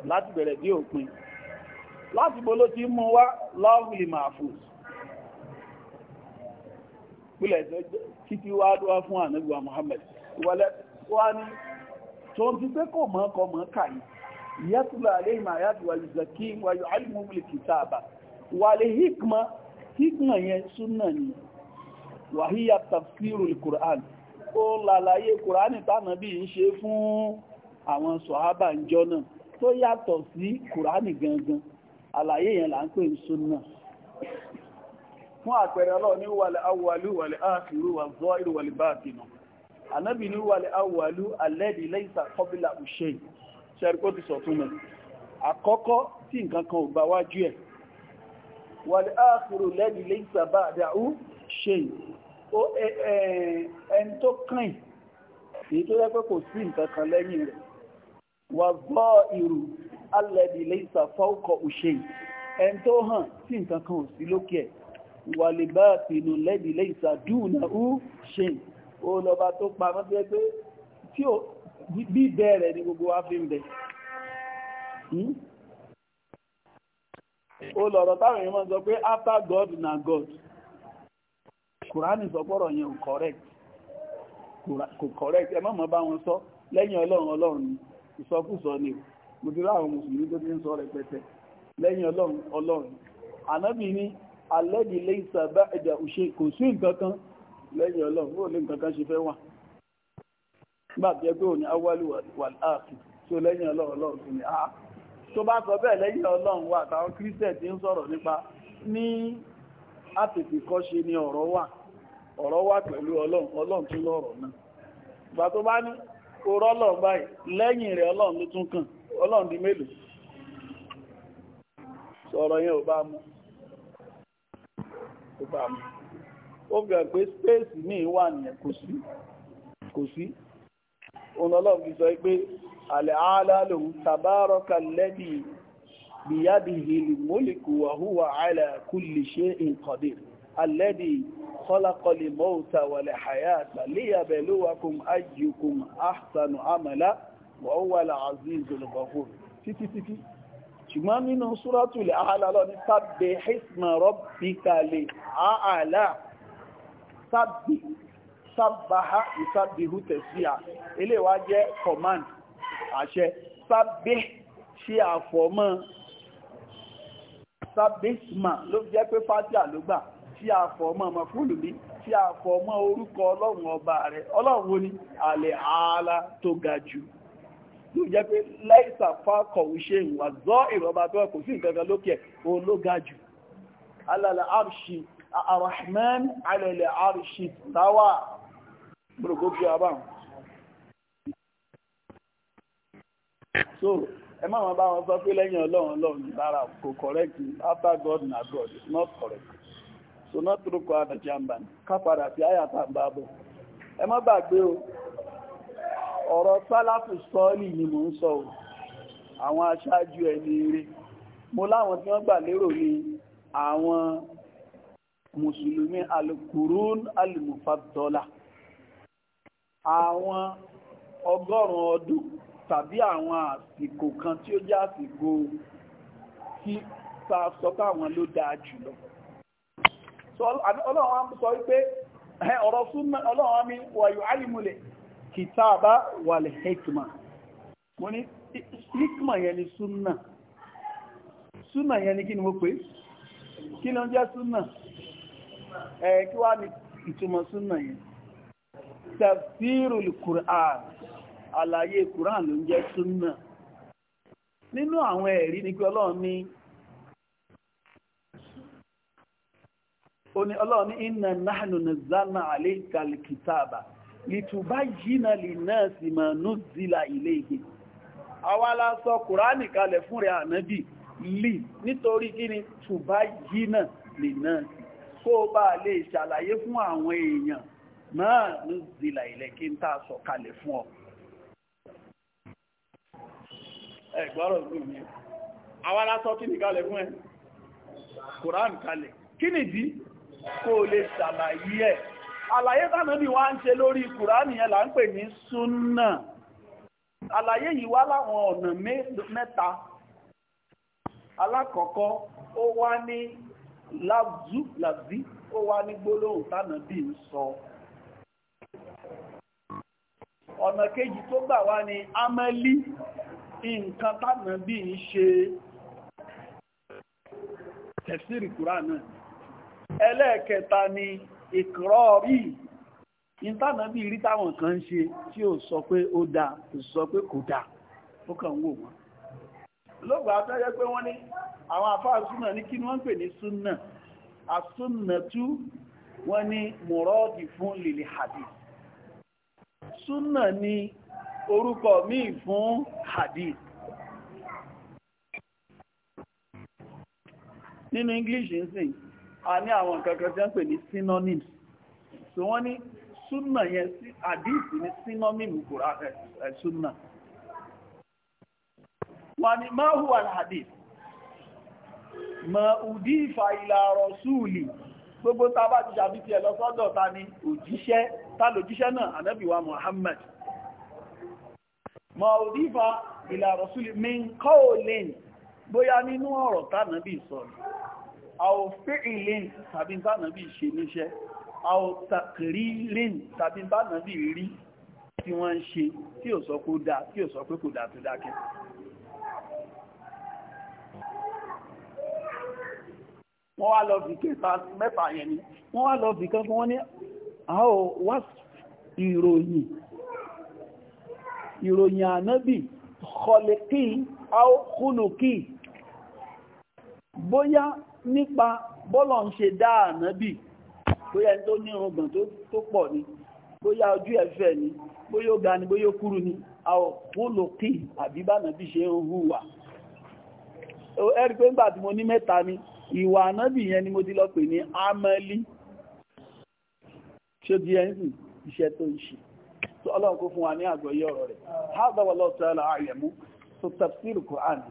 láti bẹ̀rẹ̀ bí òpin láti bó ló ti mú wá lọ́wùlì màfúùsù ìpìlẹ̀ títí wá wa fún ànábìwá Muhammad ìwọlẹ̀ wá ní tó n fi pé kò mọ́ ọkọ̀ mọ́ kàyí yatlu alayhim ayati wa yuzakki wa yu'allimuhum alkitaba wa alhikma hikma yẹn sunna ni wa tafsiru alquran ó lalaye qur'ani ta nabi n ṣe fún àwọn sahaba ńjọ́ náà tó yàtọ̀ sí gangan alaye yẹn là ń pè fún àpẹẹrẹ ọlọ́run ní wàlẹ̀ awàlú wàlẹ̀ áàkìrú wà zọ́ ìrù wàlẹ̀ bá àtìnà anábì ní wàlẹ̀ awàlú alẹ́dì lẹ́yìnsà kọbílà òṣè ṣẹ́ríkó ti sọ túnmọ̀ àkọ́kọ́ tí nǹkan kan ò bá wájú ẹ̀ wàlẹ̀ áàkìrú lẹ́dì lẹ́yìnsà bá àdáhù ṣe ẹni tó hàn tí nǹkan kan ò sí lókè ẹ̀ wàlìbá tìlú lẹ́dìlẹ́ ìsàdúnà ó ṣe ó lọba tó pa mọ́sí pé tí ó bí bẹ̀rẹ̀ ní gbogbo wa bẹ̀ hmm? ó táwọn èèyàn sọ pé after God na God kùránì sọpọ̀rọ̀ yẹn ò correct kò correct ẹ mọ́mọ́ bá wọn sọ lẹ́yìn ọlọ́run ọlọ́run ìsọkúsọ ni mo ti rí àwọn mùsùlùmí tó ti ń sọ rẹpẹtẹ lẹ́yìn ọlọ́run ọlọ́run ànábì ní alẹ́dì lè sàbá ẹ̀dà òṣè kò sí nǹkankan lẹ́yìn ọlọ́run ó lè nǹkankan ṣe fẹ́ wà nígbà ẹgbẹ́ òní awálù wà láàfin tó lẹ́yìn ọlọ́run ọlọ́run tó ní ah, tó bá sọ bẹ́ẹ̀ lẹ́yìn ọlọ́run wà táwọn kírísítẹ̀ ti ń sọ̀rọ̀ nípa ní àtètè ni ọ̀rọ̀ wà ọ̀rọ̀ wà pẹ̀lú ọlọ́run ọlọ́run lọ́rọ̀ náà tó bá ní orọ́ ọlọ́run báyìí lẹ́yìn rẹ̀ ọlọ́run ló tún kàn ọlọ́run di mélòó sọ̀rọ̀ yẹn tó bá mú ó gbà pé spéèsì míì wà nìyẹn kò sí kò sí òun ọlọ́run fi sọ pé àlẹ́ àálá lòun tàbárọ́kà lẹ́dì bìyàdì ìlú mólìkù àhúwà àìlà kulli shay'in qadir alẹ́dì kọ́lákọlì mọ́ta wàlẹ̀ àyàtà léyàbẹ̀lówàkùn ayyukum ahsanu amala wọ́n wà láàzí ìzòlùgbọ̀fò títí títí ṣùgbọ́n nínú súratul A'la lọ ní sábẹ̀ hisma rabbikal a'la sábẹ̀ sábàá ìsábìhú tẹ̀síà eléwà jẹ́ command àṣẹ sábẹ̀ ṣe àfọ̀mọ́ sábẹ̀sìmà ló jẹ́ pé fátíà ló gbà tí a fọ̀mọ́ ọmọ fúlù ní tí a fọ̀mọ́ orúkọ ọlọ́run ọba rẹ̀ ọlọ́run ni alẹ́ ààlá tó ga jù ló jẹ́ pé láìsà fákọ̀ òṣè ìwà zọ́ ìrọba tó kò sí ìkankan lókè òun ló ga jù alàlà arṣì arahman alàlà arṣì táwà gbogbo bí so ẹ má wọn bá wọn sọ pé lẹ́yìn ọlọ́run ọlọ́run lára kò correct after God na God is not correct so not through kwa adajamba ká padà sí àyàtà bàbọ̀ ẹ má gbàgbé o ọ̀rọ̀ sálàfù sọ́ọ̀lì ni mò ń sọ ò àwọn aṣáájú ẹni ire mo láwọn tí wọ́n gbà lérò ní àwọn mùsùlùmí alukurun alimufadola àwọn ọgọ́rùn-ún ọdún tàbí àwọn àsìkò kan tí ó jẹ́ àsìkò tí ta sọ táwọn ló dáa jùlọ ọlọ́run á sọ wípé ọ̀rọ̀ súnmọ́ ọlọ́run á mi wọ̀nyí alìmúlẹ̀ kìtàbá wal hikma mo ní hikma yẹn ni súnà súnà yẹn ni kí ni mo pè kí ni ó jẹ́ súnà ẹ̀ kí wá ní ìtumọ̀ súnà yẹn tafsirul Qur'an àlàyé Qur'an ló ń jẹ́ súnà nínú àwọn ẹ̀rí ni pé ọlọ́run ní ó ní ọlọ́run ní inna nahnu nazzalna alayka al lìtùbá jìnà lè náà sì mà nú ilé ìgbè àwa la sọ kùránì kalẹ̀ fún rẹ̀ ànábì lì nítorí kí ni tùbá jìnà lè náà sì kó bá lè ṣàlàyé fún àwọn èèyàn náà nú zìlà ilẹ̀ kí n tàà sọ kalẹ̀ fún ọ ẹ̀gbọ́rọ̀ ìgbìmọ̀ mi àwa la sọ kí àlàyé tánàbí wá ń ṣe lórí kùránì yẹn là ń pè ní súnà àlàyé yìí wá láwọn ọ̀nà mẹ́ta alákọ̀ọ́kọ́ ó wá ní láàzú làbí ó wá ní gbólóhùn tánàbí ń sọ ọ̀nà kejì tó gbà wá ní amẹ́lí nǹkan tánàbí ń ṣe tẹ̀sírì kùránì ẹlẹ́ẹ̀kẹta ni ìkọ̀rọ̀rí ìtànà bí rí táwọn kan ń ṣe tí ó sọ pé ó dá ó sọ pé kò dá ó kàn wò wọ́n lóògbà àtọ́jẹ́ pé wọ́n ní àwọn àfáà súnà ní kí wọ́n pè ní súnà àsúnà tú wọ́n ní mọ̀rọ́dì fún lìlì hadith súnà ní orúkọ míì fún hadith nínú English ń sìn a ní àwọn nǹkan kan tí wọ́n pè ní synonyms so wọ́n ní súnà yẹn sí àdíìsì ní synonym kòrá eh, eh, súnà wọ́n ní máa hùwà hadith ma ùdí ìfàìlà rọ̀súùlì gbogbo tá bá ti ṣàbí ti ẹ̀lọ ta ni òjíṣẹ́ tá lòjíṣẹ́ náà ànábìwá Muhammad ma ùdí ìfàìlà rọ̀súùlì min kọ́ọ̀lẹ́ni bóyá nínú ọ̀rọ̀ tánàbì sọ̀rọ̀ àwọ̀ fẹ́ìlín tàbí bánàbí ṣe níṣẹ́ àwọ̀ tàkìrílín tàbí bánàbí rí tí wọ́n ń ṣe tí ò sọ kó dáa tí ò sọ pé kò dáa tó dákẹ́ wọ́n wá lọ bì kẹta mẹ́fà yẹn ni wọ́n wá lọ bì kan fún wọ́n ní àwọ̀ wá ìròyìn ìròyìn ànábì kọlẹ̀kí àwọ̀ kúlùkí bóyá nípa bọ́lọ̀ ń ṣe dá ànábì bóyá ẹni tó ní tó pọ̀ ni bóyá ojú ẹ̀fẹ̀ ni bóyá ó ga ni bóyá ó kúrú ni àwòlòkì àbíbànàbí ṣe ń hùwà ẹ̀rí pé ńgbà tí mo ní mẹ́ta ni ìwà ànábì yẹn ni mo ti lọ pè ní amẹ́lí ṣe di iṣẹ́ tó ń ṣe ọlọ́run kó fún wa ní ọ̀rọ̀ rẹ̀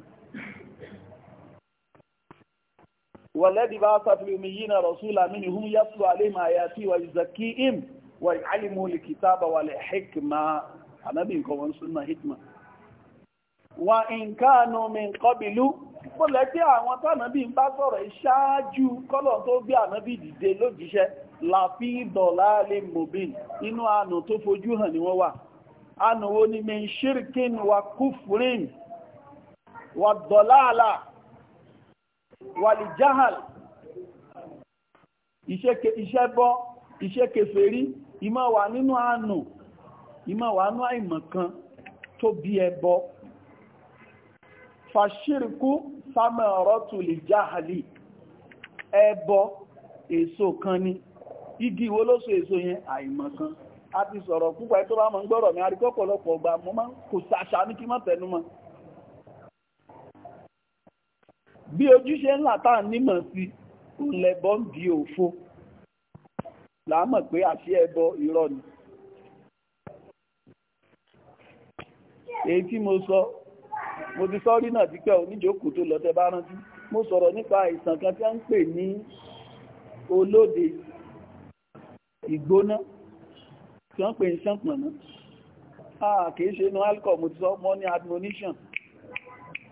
والذي بعث في الأميين رسولا منهم يتلو عليهم آياته ويزكيهم ويعلمهم الكتاب والحكمة النبي يقول سنة حكمة وإن كانوا من قبل bọ́lẹ̀ tí àwọn tánàbí ń bá sọ̀rọ̀ ìṣáájú kọ́lọ̀ tó gbé ànábì dìde lójíṣẹ́ láfí ìdọ̀lá lè mòbìn inú ànà tó fojú hàn min wàlìjáhàl iṣẹ́ bọ́ iṣẹ́ ìmọ̀ wà nínú àánú wà nínú àìmọ̀ kan tó bí ẹbọ ọ̀rọ̀ tó lè ẹ bọ̀ èso kan ni igi wo èso yẹn àìmọ̀ kan a ti sọ̀rọ̀ púpọ̀ ẹ tó bá ń gbọ́rọ̀ mi máa ń kò sàṣà ní kí mọ́ bí ojúṣe ńlá tá à nímọ̀ sí ńlẹ̀bọ́ ń di òfo láàmọ̀ pé àṣẹ ẹbọ irọ́ ni èyí tí mo sọ mo ti sọ rí náà ti pẹ́ oníjókòó tó lọ tẹ bá rántí mo sọ̀rọ̀ nípa àìsàn kan tí a ń pè ní olóde ìgbóná tí wọ́n pè ní ṣánpọ̀nà àà kìí ṣe inú alcohol mo ti sọ mọ́ admonition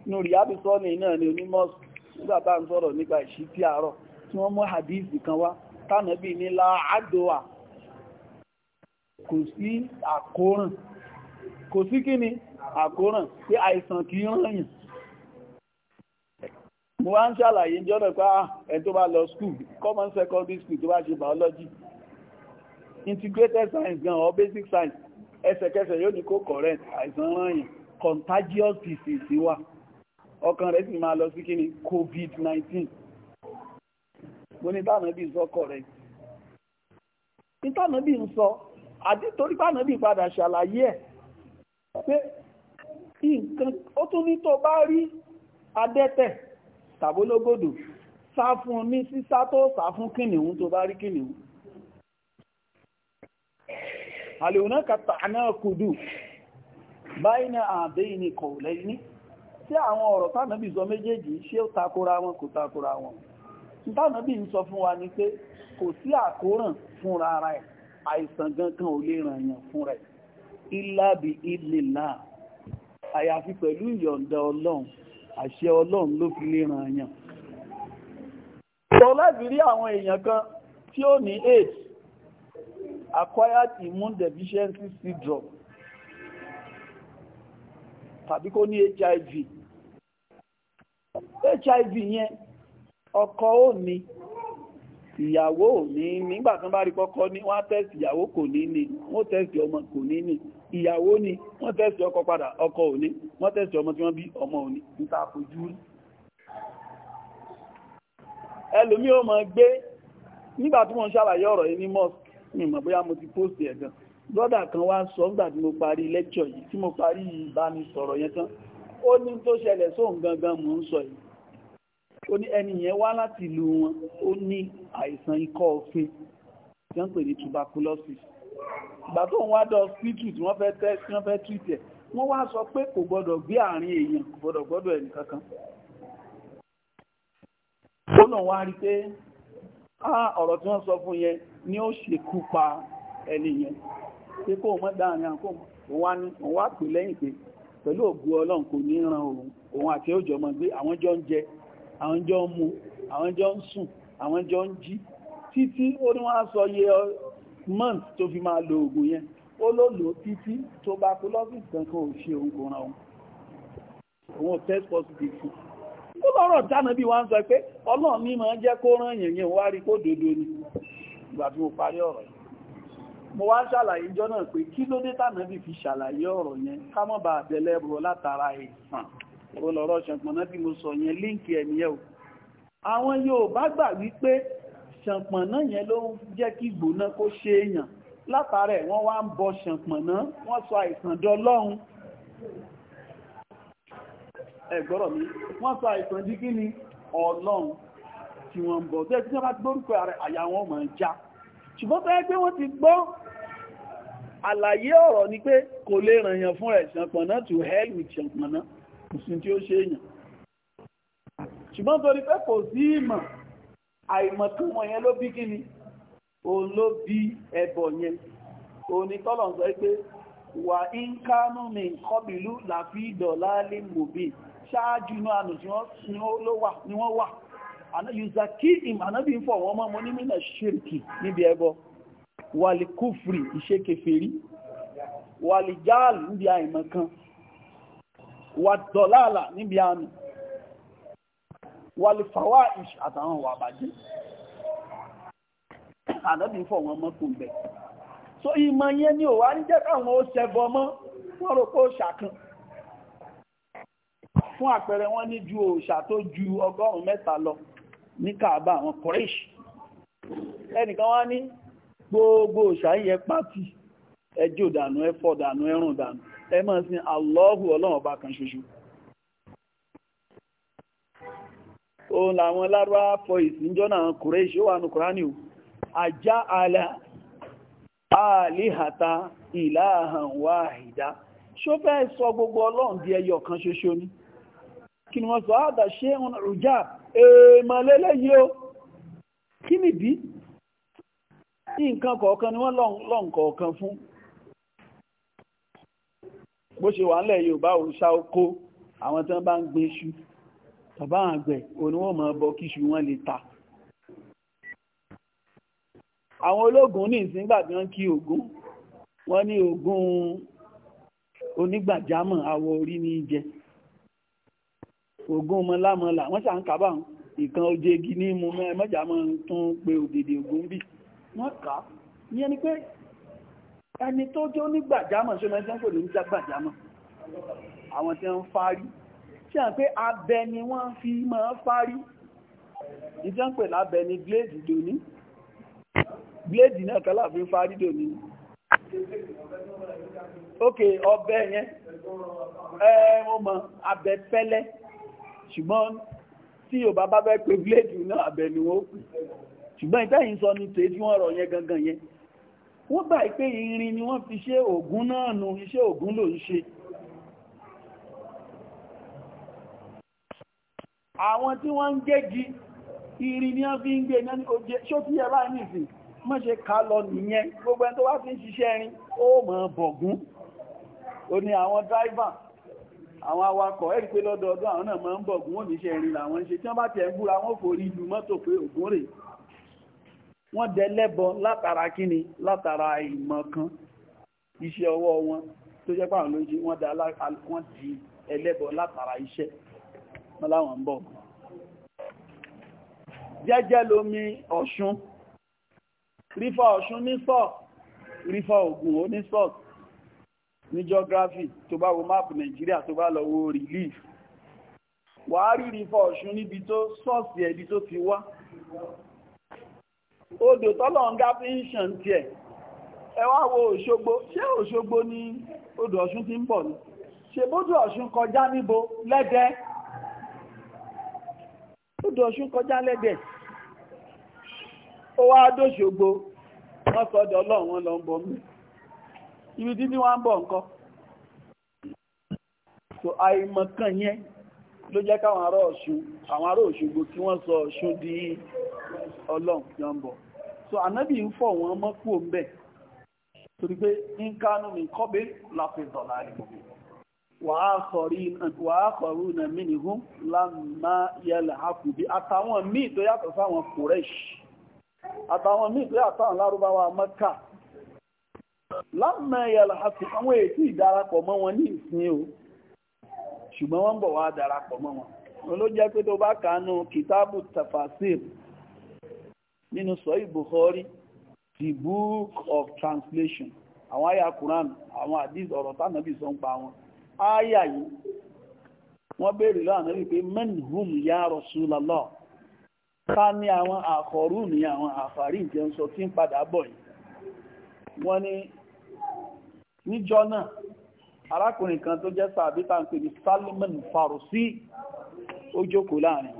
inú rí àbísọ́ ní náà ni onímọ̀sùn nígbà tá ń sọ̀rọ̀ nípa ìṣí tí àárọ̀ tí wọ́n mú hadith kan wá tánàbí ní láàádọ́wà kò sí àkóràn kò sí kí ni àkóràn pé àìsàn kì í rànyàn mo wá ń ṣàlàyé jọ́nà pé ah, ẹni tó bá lọ school common secondary school tó bá ṣe biology integrated science gan or basic science ẹsẹ̀kẹsẹ̀ yóò ní kó correct àìsàn rànyàn contagious disease wà. Si ọkàn rẹ̀ sì máa lọ sí kí ni covid-19 mo ní tánàbí ń sọ correct ní tánàbí ń sọ àti torí tánàbí padà ṣàlàyé ẹ̀ pé nǹkan ó tún ní tó bá rí adẹ́tẹ̀ tàbólógbòdò sá fún ní sísá tó sá fún kìnìún tó bá rí kìnìún àlèhùn náà kàtà náà kùdù báyìí náà àbẹ́yìn ni kọ̀ọ̀lẹ́yìn tí àwọn ọ̀rọ̀ tánàbí sọ méjèèjì ṣé ó takora wọn kò takora wọn tánàbí ń sọ fún wa ni pé kò sí àkóràn fúnra ara ẹ̀ àìsàn gankan ò lè ràn yàn fúnra ẹ̀ ìlàbí ìlìlà àyàfi pẹ̀lú ìyọ̀ǹda ọlọ́run àṣẹ ọlọ́run ló fi lè ràn yàn sọ láti rí àwọn èèyàn kan tí ó ní aids acquired immune deficiency syndrome tàbí kó ní hiv hiv yẹn ọkọ ò ní ìyàwó ò ní nígbà tán bá rí kọ́kọ́ ní wọ́n tẹ́sì ìyàwó kò ní ní wọ́n tẹ́sì ọmọ kò ní ní ìyàwó ní wọ́n tẹ́sì ọkọ padà ọkọ ò ní wọ́n tẹ́sì ọmọ tí wọn bí ọmọ ò ní níta fojú rí ẹlòmí ò mọ̀ gbé nígbà tí wọ́n ṣàlàyé ọ̀rọ̀ yìí ní mosque mi mọ̀ bóyá mo ti post ẹ̀ gan brother kan wá sọ nígbà tí mo parí lecture yìí tí mo parí ìbánisọ̀rọ̀ yẹn tán ó ní tó ṣẹlẹ̀ sóhun gangan mò ń sọ yìí ó ní ẹni yẹn wá láti ìlú wọn ó ní àìsàn ikọ́ ọ̀fẹ́ tí wọ́n pè ní tuberculosis ìgbà tó ń wá dọ̀ hospital tí wọ́n fẹ́ tẹ́ tí wọ́n fẹ́ treat ẹ̀ wọ́n wá sọ pé kò gbọ́dọ̀ gbé àárín èèyàn kò gbọ́dọ̀ gbọ́dọ̀ ẹnì kankan ó lọ wá rí pé ọ̀rọ̀ tí wọ́n sọ fún yẹn ni ó ṣekú pa ẹni yẹn pé kó mọ́ dáa ní òun wá pè lẹ́yìn pé pẹ̀lú ògùn ọlọ́run kò ní ran òun òun àti òjò ọmọ gbé àwọn jọ ń jẹ àwọn jọ ń mu àwọn jọ ń sùn àwọn jọ ń jí títí ó ní wọ́n sọ iye month tó fi máa lo ògùn yẹn ó ló lò ó títí tó bá kú lọ́fíìsì kankan ò ṣe òun kò ran òun òun ò test positive fún ó lọ́rọ̀ dáná bí wọ́n sọ pé ọlọ́run ní máa jẹ́ kó rán yẹ̀yẹ̀ wá kó dodo ni ìgbà tí mo parí ọ̀rọ̀ yìí mo wá ṣàlàyé ìjọ náà pé kí ló dé tànà bí fi ṣàlàyé ọ̀rọ̀ yẹn ká mọ́ bá àbẹ̀lẹ́rọ látara ìsàn olọ́rọ̀ ṣànpọ̀nná tí mo sọ yẹn líǹkì ẹ̀mí ẹ̀ o àwọn Yorùbá gbà wípé ṣànpọ̀nná yẹn ló ń jẹ́ kí gbóná kó ṣe èèyàn látara ẹ̀ wọ́n wá ń bọ ṣànpọ̀nná wọ́n sọ àìsàn dọlọ́run ẹ gbọ́rọ̀ mi wọ́n sọ àìsàn di kí ni Ọlọ́run tí wọ́n ń bọ ṣùgbọ́n tó yẹ pé wọ́n ti gbọ́ àlàyé ọ̀rọ̀ ni pé kò lè rànyàn fún ẹ̀ ṣànpọ̀nà to hell with ṣànpọ̀nà kò sí tí ó ṣe èèyàn ṣùgbọ́n torí pé kò sí ìmọ̀ àìmọ̀tún wọn yẹn ló bí kí ni òun ló bí ẹbọ yẹn òun ni tọ́lọ̀ ń sọ pé wà ń kánú mi kọbìlú làfíìdọ̀ láálé mòbí ṣáájú náà nù ni wọ́n wà yùzàkí ìmànábí ń fọ̀ wọ́n mọ́ mọ́ ní mínà ṣírkì níbi ẹbọ wàlì kúfrì iṣẹ́ kèfèrí wàlì jáàlù níbi àìmọ̀kan wà dọ̀láàlà níbi àmì wàlì fàwà ìṣ àtàwọn wà bàjẹ́ ànábì ń so ìmọ̀ yẹn ni ò wá ní jẹ́ káwọn ó ṣẹbọ mọ́ wọ́n rò pé ó ṣàkan fún àpẹẹrẹ wọ́n ní ju òòṣà tó ju ọgọ́rùn-ún mẹ́ta lọ ní Kaaba àwọn Kùrẹ́ṣì ẹnìkan wá ní gbogbo ṣàyẹ pàtì ẹjọ́ dànù ẹfọ́ dànù ẹrùn dànù ẹ máa sin Allahu ọlọ́run ọba kan ṣoṣo òun làwọn lárúwá fọ ìsìnjọ́ náà Kùrẹ́ṣì ó wà ní Kùránì ò àjá àlà àlìhàta ìlàhàn wáhìdá ṣó fẹ́ sọ gbogbo ọlọ́run di ẹyọ kan ṣoṣo ni kí ni wọ́n sọ àdàṣe ń rùjáàbù èèmọ̀ lélẹ́yìí o kí nìdí nǹkan kọ̀ọ̀kan ni wọ́n lọ́n kọ̀ọ̀kan fún bó ṣe wà nílẹ̀ Yorùbá òrìṣà oko àwọn tán bá ń gbé iṣu bàbá àgbẹ̀ oníwọ̀n máa bọ kíṣu wọn lè ta àwọn ológun ní ìsìngbà tí kí Ògún wọ́n ní Ògún onígbàjámọ̀ awọ orí ní jẹ́ ogún ọmọ lámọ́lá wọ́n sà ń kà báwọn ìkan ojegi ní mú mẹ́jà mọ́ tún pé òdèdè ògùn bí wọ́n kà á ìyẹn ni pé ẹni tó jó ní gbàjámọ̀ ṣe mẹ́jẹ́ kò ní já gbàjámọ̀ àwọn tí wọ́n fárí ṣe hàn pé abẹ ni wọ́n fi máa fárí ìjọ́pẹ̀ lábẹ ni gléèdì dòní gléèdì náà kọ́lá fi fárí dòní ok ọbẹ̀ yẹn ẹ mo mọ abẹ pẹ́lẹ́ ṣùgbọ́n tí Yorùbá bá fẹ́ pé bíléèdì náà abẹ ni wọ́n pè ṣùgbọ́n ìtẹ́yìn sọ ní tèé tí wọ́n rọ̀ yẹn gangan yẹn wọ́n gbà pé irin ni wọ́n fi ṣe ògún náà nu iṣẹ́ ògún ló ń ṣe àwọn tí wọ́n ń gégi irin ni wọ́n fi ń gbé náà ní oje ṣó tí ẹ bá nìsín mọ́ ṣe ká lọ nìyẹn gbogbo ẹni tó wá fi ń ṣiṣẹ́ rin ó mọ̀ bọ̀gún ó ní àwọn driver àwọn awakọ̀ ẹ̀rí pé lọ́dọọdún àwọn náà máa ń bọ̀gún wọ́n níṣẹ́ ìrìn làwọn ṣe tí wọ́n bá tẹ̀ ń búra wọ́n forí ìlú mọ́tò pé ògún rè wọ́n dẹlẹ́bọ látara kíni látara ìmọ̀ kan iṣẹ́ ọwọ́ wọn tó jẹ́ pàwọn lóṣe wọ́n da wọ́n di ẹlẹ́bọ látara iṣẹ́ wọn láwọn ń bọ̀ jẹ́jẹ́ lomi ọ̀ṣun rífọ́ ọ̀ṣun ní sọ́ọ̀ rífọ́ ògùn ó ní sọ́ọ̀tù ní geography tó bá wo máàpù Nàìjíríà tó bá lọ wo relief wà á rírí fọ́ Ọ̀ṣun níbi tó sọ́ọ̀sì ẹ̀bí tó ti wá odò tọ́lọ̀ ń gáfí ń ṣàn tiẹ̀ ẹ wá wo Òṣogbo ṣé Òṣogbo ni odò Ọ̀ṣun ti ń bọ̀ ni ṣe bódò Ọ̀ṣun kọjá níbo lẹ́dẹ́ odò Ọ̀ṣun kọjá lẹ́dẹ́ ó wá dòṣogbo wọ́n sọ́dọ̀ Ọlọ́run lọ ń bọ̀ mí ibi títí wọ́n ń bọ̀ nǹkan so àìmọ̀kan yẹn ló jẹ́ káwọn ará Ọ̀ṣun àwọn ará Òṣogbo tí wọ́n sọ Ọ̀ṣun di Ọlọ́run tí wọ́n ń bọ̀ so ànábì ń fọ̀ wọ́n mọ́ kúrò ń bẹ̀ torí pé ń kánú mi kọ́bí láti dọ̀là rẹ̀ wàákọ̀rú na mínihún lámà yẹlẹ̀ àkùbí àtàwọn míì tó yàtọ̀ sáwọn Kùrẹ́ṣì àtàwọn míì tó yàtọ̀ àwọn lárúbáwá Mẹ́kà lámà yàrá àti àwọn èsì ìdarapọ̀ mọ́ wọn ní ìsìn o ṣùgbọ́n wọ́n ń bọ̀ wá darapọ̀ mọ́ wọn wọn pé tó bá kàánú kìtàbù tafasir nínú sọ́yì Bukhari the book of translation àwọn àyà Quran àwọn àdìs ọ̀rọ̀ tánàbì sọ ń pa wọn àyà yìí wọ́n béèrè lọ́wọ́ àná wípé men hum ya Rasulallah ká ní àwọn àkọ̀rú ní àwọn àfàrí ìjẹun sọ tí ń padà bọ̀ yìí wọ́n ní níjọ́ náà arákùnrin kan tó jẹ́ sàbítà ń pè ní Farusi ó jókòó láàrin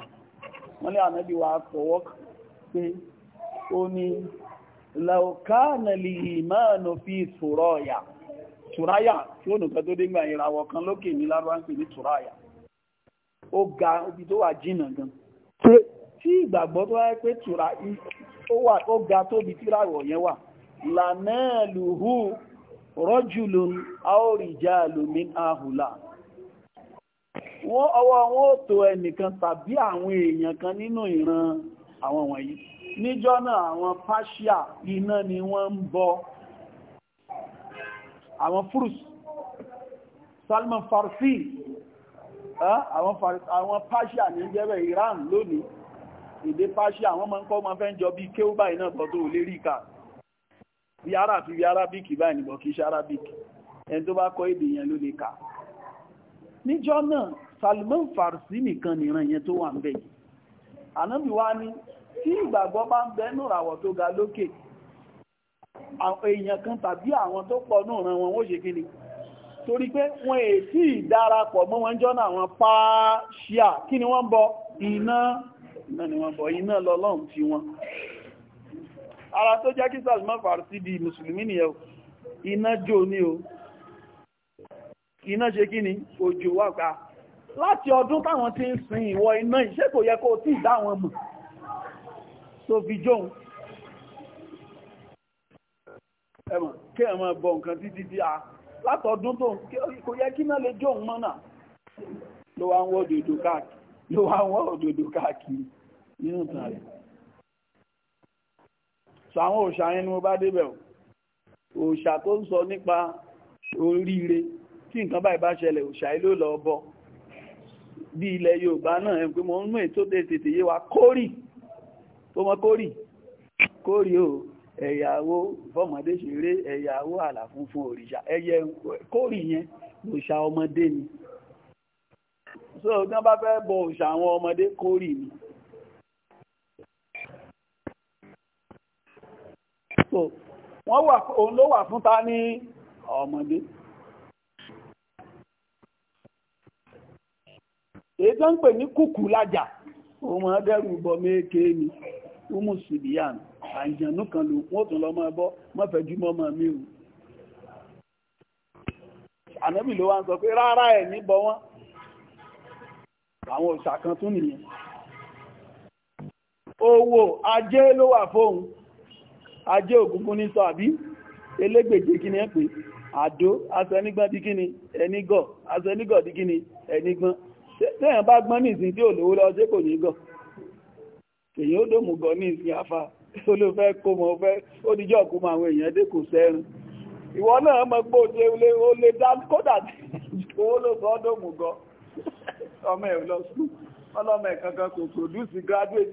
wọ́n ní ànábí wa fọwọ́ pé ó ní laukana lè ìmáànà fi tùrọ̀yà tùráyà tí ó nùkan tó dégbà ìràwọ̀ kan lókè ní lárúbá ní tùráyà ó ga tó wà gan tí ìgbàgbọ́ tó wáyé pé tùrá ó ga tóbi tíráwọ̀ yẹn wà lànà rọ́jùlùn àórìjá lómi àhùlà wọ́n ọwọ́ wọn ó tó ẹnìkan tàbí àwọn èèyàn kan nínú ìran àwọn wọ̀nyí níjọ́ náà àwọn pàṣíà iná ni wọ́n ń bọ àwọn fúrùs Salman Farsi àwọn pàṣíà ní jẹ́bẹ̀ Iran lónìí èdè pàṣíà wọ́n máa ń kọ́ ọmọ fẹ́ jọ bí kéúbà iná bọ̀ tó lérí kàá bí ara àti bí arábíkì báyìí nìbọn kìí ṣe arábíkì ẹni tó bá kọ́ èdè yẹn ló lè kà níjọ́ náà Salman Farsi nìkan nìran yẹn tó wà ń bẹ̀ yìí ànábì wá ní tí ìgbàgbọ́ bá ń bẹ nù ràwọ̀ tó ga lókè èèyàn kan tàbí àwọn tó pọ̀ nù ràn wọn ó ṣe kí ni torí pé wọn èsì ìdarapọ̀ mọ́ wọn jọ́nà àwọn pàṣíà kí ni wọ́n bọ iná iná ni wọ́n bọ iná lọ́lọ́run tí wọ́n ara tó jẹ́ kí Salman Farisi di mùsùlùmí nìyẹn iná jó ní o iná ṣe kí ni òjò wà ká láti ọdún táwọn ti ń sin ìwọ iná iṣẹ́ kò yẹ kó tí ìdá àwọn mọ̀ tó fi jóun ẹ̀mọ̀ kí ẹ̀mọ̀ bọ̀ nǹkan títí tí a látọ̀dún tó kò yẹ kí náà lè jóun mọ́ náà ló òdòdó káàkiri nínú ìtàn so àwọn òòṣà yẹn ni mo bá débẹ̀ òòṣà tó ń sọ nípa oríire tí nǹkan báyìí bá ṣẹlẹ̀ òòṣà yìí ló lọ bọ bí ilẹ̀ Yorùbá náà ẹ̀ pé mo ń mú ètò dé tètè yé wa kórì tó mọ kórì kórì o ẹ̀yàwó fọmọdé ṣeré ẹ̀yàwó àlà funfun òrìṣà ẹyẹ kórì yẹn òòṣà ọmọdé ni so tí wọ́n bá fẹ́ bọ òòṣà àwọn ọmọdé kórì ni so wọ́n wà òun ló wà fúnta ní ọmọdé èyí tó ń pè ní kùkù lájà òun máa dẹ́rù bọ ni umu sibiyan àìjànú kan ló wọ́n tún lọ máa bọ́ mọ́fẹ̀júmọ́ máa mí o ànábì ló wá ń sọ pé rárá ẹ̀ níbọ̀ wọ́n àwọn òṣà kan tún nìyẹn owó ajé ló wà fóun ajé ògúngún ní sọ àbí elégbèje kí ni ẹ pè àdó aṣọ ẹnigbọ́n di kí ni ẹnigọ̀ aṣọ ẹnigọ̀ di kí ni ẹnigbọ́n tẹ́yàn bá gbọ́n ní ìsìn tí ò lówó lọ ṣé kò ní gọ̀ èyí ó dòmù gọ̀ ní ìsìn afa olùfẹ́ kó mọ̀ fẹ́ ó díjọ́ kó mọ àwọn èèyàn dé kò sẹ́rùn ìwọ náà mọ̀ pé òde olè olè dá kódà owó ló sọ dòmù gọ̀ ọmọ ẹ̀ lọ sùn ọlọ́mọ ẹ̀ kankan kò produce graduate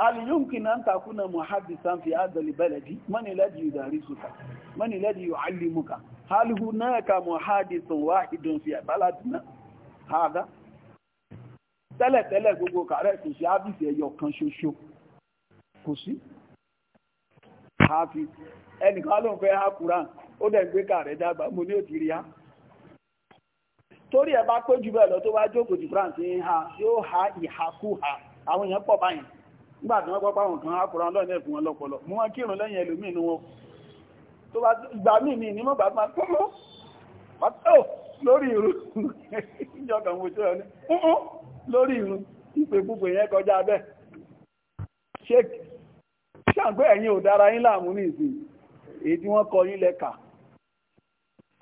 هل يمكن أن تكون محدثا في هذا البلد من الذي يدرسك من الذي يعلمك هل هناك محدث واحد في بلدنا هذا tẹ́lẹ̀tẹ́lẹ̀ gbogbo kàrẹ́ kò sí ábìsì kan ṣoṣo kò sí hafi ẹnìkan ló ń fẹ́ ó dẹ̀ ń gbé mo ní ha torí ẹ bá pé jù bẹ́ẹ̀ lọ tó bá jókòó ti France ń ha yóò ha ìhakúha àwọn èèyàn nígbàtí wọ́n pápá wọn kan ákùnrán lọ́nà ẹ̀fún wọn lọ́pọlọ mú wọn kírun lẹ́yìn ẹlòmíì ní wọn tó bá gbà mí ní ní mọ́bà máa tó mọ́ pàtó lórí irun ìjọkàn wo tó ẹni lórí irun ìpè púpọ̀ yẹn kọjá bẹ́ẹ̀ ṣe ṣàǹgbé ẹ̀yin ò dára yín láàmú ní ìsìn èyí tí kọ yín lẹ́ka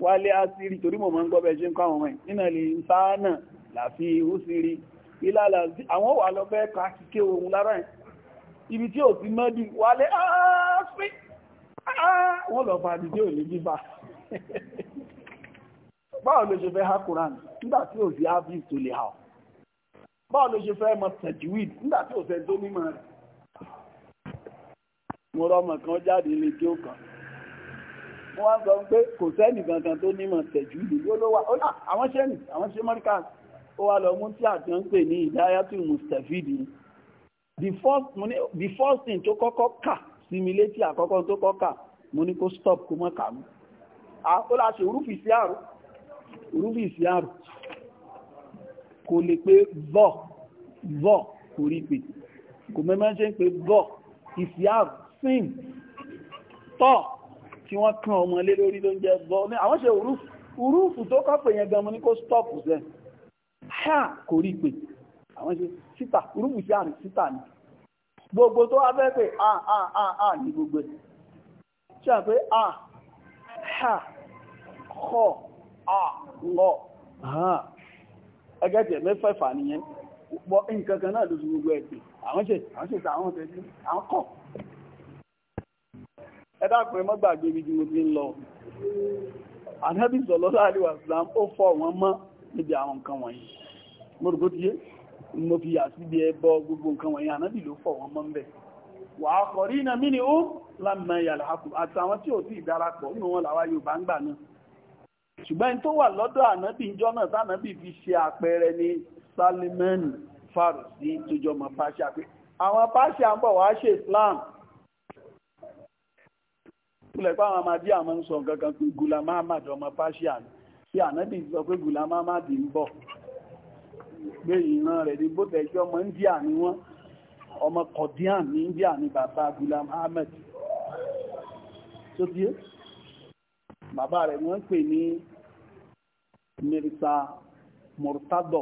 wálé àṣírí torí mo máa ń gbọ́ bẹ́ẹ̀ ṣe ń kọ́ àwọn ọmọ yìí nínú ilé ń làfi ó sì rí ilá àwọn wà lọ fẹ́ ka kíké ohun lára yìí ibi tí ò ah, ah, sí mọ́dí wálé áásí wọ́n lọ fa àdì tí ò ní bíbá [LAUGHS] báwo ló ṣe fẹ́ ha Quran nígbà tí ò sí ábíf tó lè ha ọ́ báwo ló ṣe fẹ́ mọ tajwid nígbà tí ò sẹ́ tó nímọ̀ rẹ̀ mo rọmọ kan jáde ilé tí ó kàn wọ́n wá sọ pé kò sẹ́nì kankan tó nímọ̀ tajwid ló ló wà àwọn ṣẹ́nì àwọn ṣe ó wá lọ mú tí àjọ ń pè ní Hidayatul Mustafid the first mo ní the first thing tó kọ́kọ́ kà sí mi létí àkọ́kọ́ tó kọ́ kà mo ní kó stop kó mọ́ kà mú ó láṣẹ orúfì sí àrù orúfì sí àrù kò lè pé vọ́ vọ́ kò rí pé kò mẹ́mẹ́ ṣe ń pé vọ́ ìsì àrù sin tọ́ tí wọ́n kan ọmọ lé lórí ló ń jẹ́ vọ́ ní àwọn ṣe orúfù tó kọ́ pè yẹn gan mo ní kó stop sẹ́ ha kò rí pé àwọn ṣe síta rúùmù sí àrùn síta ni gbogbo tó wá fẹ́ pé à à à à ní gbogbo ẹ̀ ṣe à pé à ha kọ à ngọ hàn ẹgẹ́ tiẹ̀ mẹ́fẹ̀ẹ̀fà nìyẹn pọ̀ nǹkan kan náà ló fi gbogbo ẹ̀ pé àwọn ṣe àwọn ṣe àwọn ṣe sí àwọn kọ̀ ẹ dákun ẹ má gbàgbé ibi tí mo ti ń lọ ànábì sallallahu alaihi ó fọ wọn mọ́ níbi àwọn nǹkan wọ̀nyí mo rò bó ti yé mo fi yà síbi ẹbọ gbogbo nǹkan wọ̀nyí ànábì ló fọ̀ wọ́n mọ́ ń bẹ̀ wà á kọ̀ rí iná mí ni ó lámà yàrá àkù àtàwọn tí ò tí ì darapọ̀ nínú wọn làwa Yorùbá ń gbà náà ṣùgbọ́n tó wà lọ́dọ̀ ànábì ìjọ náà tànábì fi ṣe àpẹẹrẹ ní Salimani Farusi tó jọmọ pàṣà pé àwọn pàṣà ń bọ̀ wá ṣe Islam ìpìlẹ̀ pé àwọn amadí àmọ́ ń sọ Gula Muhammad ọmọ pàṣà ni pé ànábì Gula Muhammad ń pé ìran rẹ̀ ní bótẹ̀jọ́ ọmọ india ni wọ́n ọmọ kọ̀díàn ní india ni bàbá Gulam Ahmed tó tí é bàbá rẹ̀ wọ́n pè ní Mirza Murtado